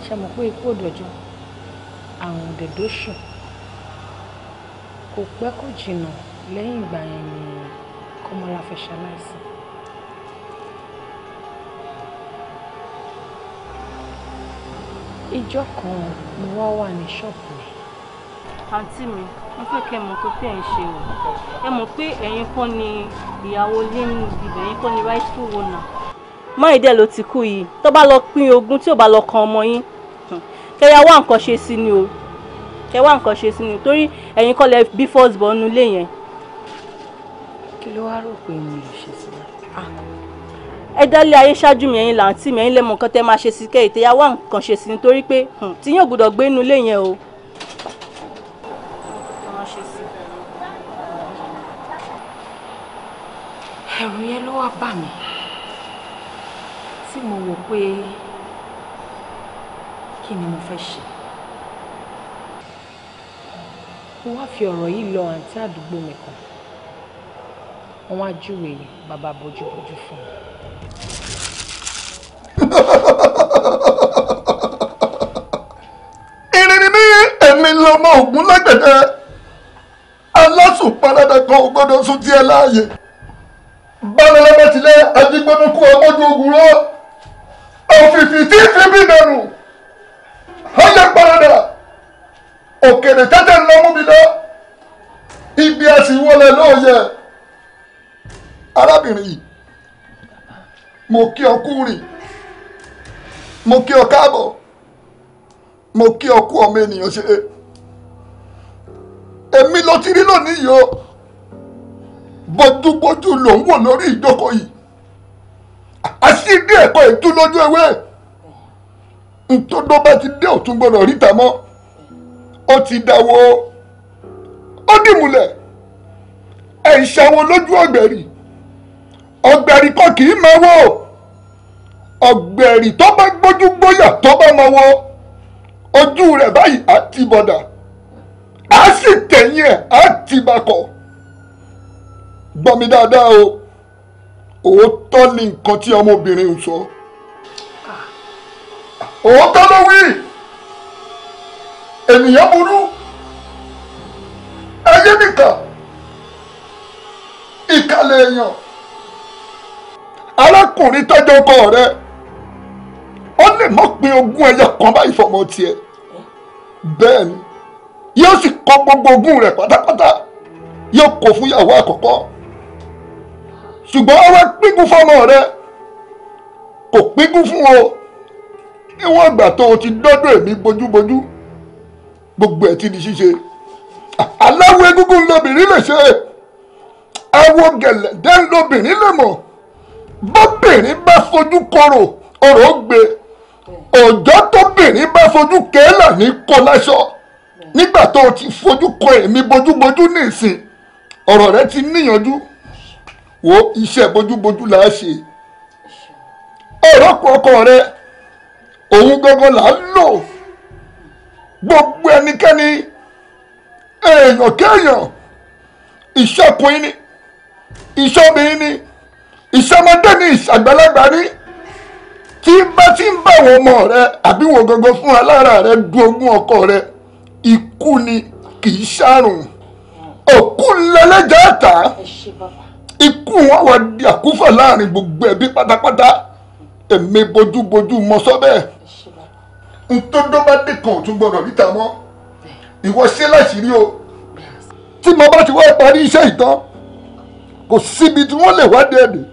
D: ṣe mọ̀ pé ikú òdòjọ́ àrùn òdòdó sùn kò pẹ́ kò jìnnà lẹ́yìn ìgbà yẹn ni kọ́mọ́lá fẹ́ ṣaláìsí. ìjọ́ kan mo wá wà ní ṣọ́ọ̀bù mi. àǹtí mi wọ́n fẹ́ kẹ́ mọ̀ pé tẹ̀ ń ṣe o ẹ mọ̀ pé ẹ̀yin kọ́ ni ìyàwó lé ní kọ́ ni rightful owner máìdẹ́ ló ti kú yìí tó bá lọ pín ogún tí ò bá lọ kan ọmọ yín hmm. kẹyà wá nǹkan ṣe sí ni o kẹ wá nǹkan ṣe sí ni torí ẹ̀yin kọ́ lẹ bí first born nu ilé yẹn. kí ló wá rò pé mi ò ṣe sí ah. ẹ dálé ayé ṣáájú mi ẹ̀yin làǹtí mi ẹ̀yin lẹmọ nǹkan tẹ máa ṣe sí kẹ ìtẹyà wá nǹkan ṣe sí ni torí pé hmm, tíyàn gbọ́dọ̀ gbé inú yẹn o. ẹ̀rù yẹn ló wá bà mí tí mo wò pé kí ni mo fẹ́ ṣe mo wá fi ọ̀rọ̀ yìí lọ àǹtí àdúgbò mi kan wọ́n wá júwe bàbá bójúbójú fún mi.
B: ìrìn ògún lágbẹ̀dẹ alásùn kan ò gbọ́dọ̀ sún láàyè bá lọ́lọ́bẹ̀ tilẹ̀ ajígbọ́nukú ọmọdé ogun rọ́ òfìfì tí fi bí dànù ó lè paradà òkèrè tẹ́tẹ́ ń lọ mú mi lọ ibi ẹ̀sìn wọlé lóòyẹ arábìnrin yìí mo kí ọ kú rìn mo kí ọ káàbọ̀ mo kí ọ kú ọmọ ènìyàn ṣe èmi ló ti rí lónìí yìí o bójúbójú ló wò lórí ìjókòó yìí àṣírí ẹ̀kọ́ ìtú lójú ewé ntọ́dọ́ bá ti dé òtún gbọ́dọ̀ ríta mọ́ ó ti dáwọ́ ó dìmúlẹ̀ ẹ̀ ń ṣàwọn lójú ọ̀gbẹ̀rì ọ̀gbẹ̀rì kan kì í máa wò ọ̀gbẹ̀rì tó bá gbójú gbóyà tó bá máa wò ojú rẹ̀ báyìí á ti bọ̀dà á sì tẹ̀yìn ẹ̀ á ti bakọ̀ gbọ́ mi dáadáa o òótọ́ ni nǹkan tí ọmọbìnrin ń sọ òótọ́ ló wí ènìyàn burú ẹyẹ nìkan ìkàlẹ̀ èèyàn arákùnrin tọ́jú ọkọ rẹ ó lè mọ̀ pé ogún ẹyọ kan báyìí fọmọ tiẹ̀ bẹ́ẹ̀ ni yóò sì kọ gbogbo ogún rẹ̀ pátápátá yóò kó fún ìyàwó àkọ́kọ́ ṣùgbọ́n ọwọ́ pínkún fọmọ rẹ kò pínkún fún o níwọ̀n ìgbà tó o ti dọ́dọ̀ èmi bójúbójú gbogbo ẹ̀ ti di ṣíṣe aláwọ̀ egúngún lobìnrin lè ṣe awo gẹ̀lẹ̀dẹ́ lobìnrin lè mọ̀ bóbìnrin bá fojú korò ọ̀rọ̀ gbé ọjọ́ tóbìnrin bá fojú kéèlà ní kó láṣọ nígbà tó o ti fojú kọ èmi bójúbójú nìsín ọ̀rọ̀ rẹ ti níyanjú wo iṣẹ́ bójúbójú là á ṣe ọ̀rọ̀ kan ọkọ rẹ òun gangan là á lò gbogbo ẹnikẹ́ni èèyàn kéèyàn iṣẹ́ ọkùnrin ni iṣẹ́ obìnrin ni iṣẹ́ ọmọdé ni ìṣàgbàlagbà ni tí bá ti ń bá àwọn ọmọ rẹ àbí wọn gangan fún alára rẹ du ogún ọkọ rẹ ikú ni kì í ṣàrùn òkú ńlẹlẹjà ta. ẹ ṣe bàbá ikú wọn wà di àkúfà láàrin gbogbo ẹbí pátápátá èmi bójúbójú mọ sọ́bẹ̀ ntọ́dọ́ bá dé kan ò tún gbọ́dọ̀ níta mọ́ ìwọ ṣe láṣìírí o tí mo bá ti wá parí iṣẹ́ ìtàn kò síbi tí wọ́n lè wá dé ẹ̀dẹ̀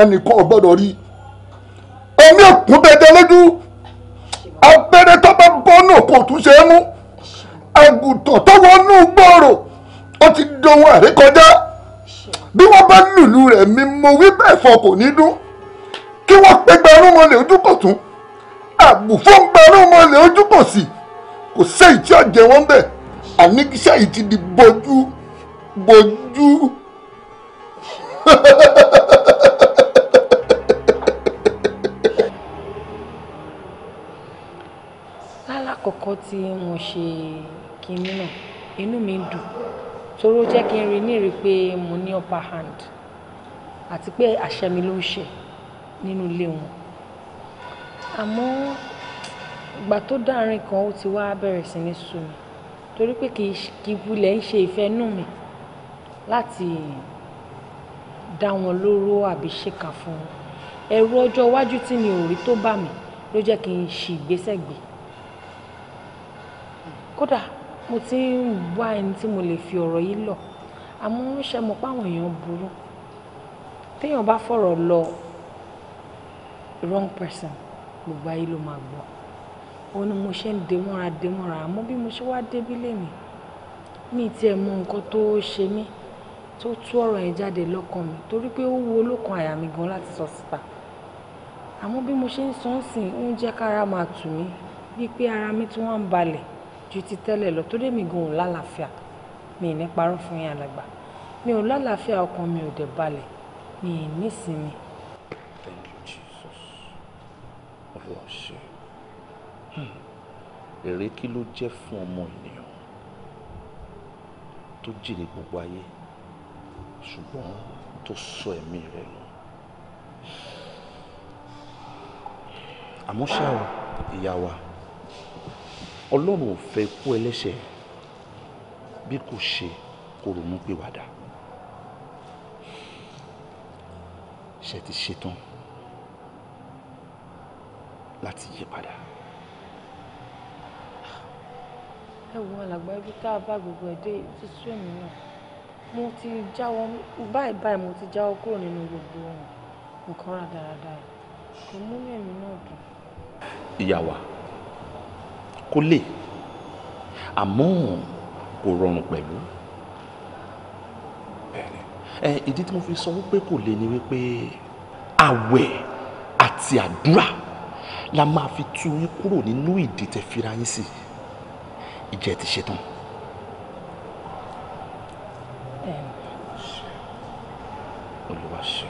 B: ẹnìkan ò gbọ́dọ̀ rí omi òkun bẹ̀dẹ̀ lójú abẹ́rẹ́ tó bá bọ́nù kò tún ṣe é mú àgùntàn tó wọnú gbòòrò ó ti dohun àrékọjá bí wọ́n bá lùlù rẹ̀ mi mo wí bẹ́ẹ̀ fọ kò ní dún kí wọ́n pé gbarún mọ́lẹ̀ ojú kò tún àbùfọ́ ń gbarún mọ́lẹ̀ ojú kò sí kò sẹ́yìn tí ọ̀jẹ̀ wọn bẹ̀ àní iṣẹ́ yìí ti di bojú bojú. lálàkọ́kọ́
D: tí mo ṣe kinní náà inú mi dùn torí ó jẹ́ kí n rí ní rí pé mo ní upper hand ati pé àṣẹ mi ló ń ṣe nínú ilé wọn àmọ́ ìgbà tó dáàrin kan ó ti wá bẹ̀rẹ̀ sí ní sú mi torí pé kì í wulẹ̀ ń ṣe ìfẹ́ nù mí láti dá wọn lóró àbí ṣèkà fún wọn ẹ̀rù ọjọ́ iwájú tí mi ò rí tó bà mí ló jẹ́ kí n ṣì gbésẹ̀ gbé kódà mo ti ń wá ẹni tí mo lè fi ọ̀rọ̀ yìí lọ àmọ́ ń ṣe mọ̀ páwọn èèyàn burú téèyàn bá fọ̀rọ̀ lọ wrong person gbogbo ayé ló máa gbọ́ òun ni mo ṣe ń dè mọ́ra dè mọ́ra àmọ́ bí mo ṣe wá débí lèmi mi tiẹ̀ mọ nǹkan tó ṣe mí tó tú ọ̀rọ̀ yẹn jáde lọ́kàn mi torí pé ó wo olókan àyà mi gan láti sọ síta àmọ́ bí mo ṣe ń sọ ń sìn ń jẹ́ kára máa tù mí bíi pé ara mi tí wọ́n ń balẹ̀ ju ti tẹ́lẹ̀ lọ tó dé mi gan lálàáfíà mi ní parọ́ fún yín alàgbà mi ò lálàáfíà ọkàn mi ò dẹ̀ balẹ̀ mi ì thank
B: you jesus ọlọ́run ṣe hmm. èrè kí ló jẹ́ fún ọmọ ènìyàn tó jèrè gbogbo ayé ṣùgbọ́n tó sọ ẹ̀mí rẹ̀ lọ. àmọ́ ṣá o ìyá wa ọlọ́run ò fẹ́ kú ẹlẹ́ṣẹ̀ bí kò ṣe kó ronú pìwàdà ṣe ti ṣetán láti yí padà.
D: ẹ wo alàgbà ibi tá a bá gbogbo ẹ̀ dé ti sú èmi náà mo ti jáwọ́ báyìí báyìí mo ti jáwọ́ kúrò nínú gbogbo nǹkan rádaràda kò múnú èmi náà dùn.
B: ìyá kó lè àmọ́ kò rọrùn pẹ̀lú ẹ ìdí tí mo fi sọ wípé kò lè ni wípé àwẹ̀ àti àdúrà la máa fi tú yín kúrò nínú ìdí tẹ́ fira yín sí ìjẹ́ ti ṣetán. olúwa ṣe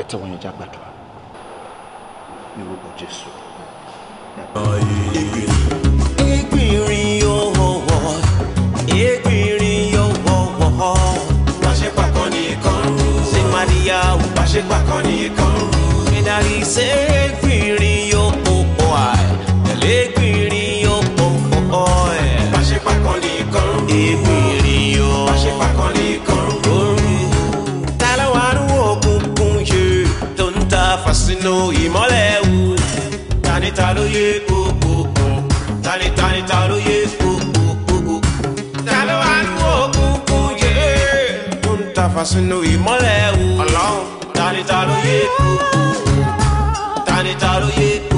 B: ẹ tẹ́wọ́n yẹn jágbàdúrà ní orúkọ jésù no emotion. Tani kókókó tanitani ta ló yé kókókó ta ló wá kú òkùnkùn yé. tó ń tafa sínú ìmọ́lẹ̀ wò. ọlọ́run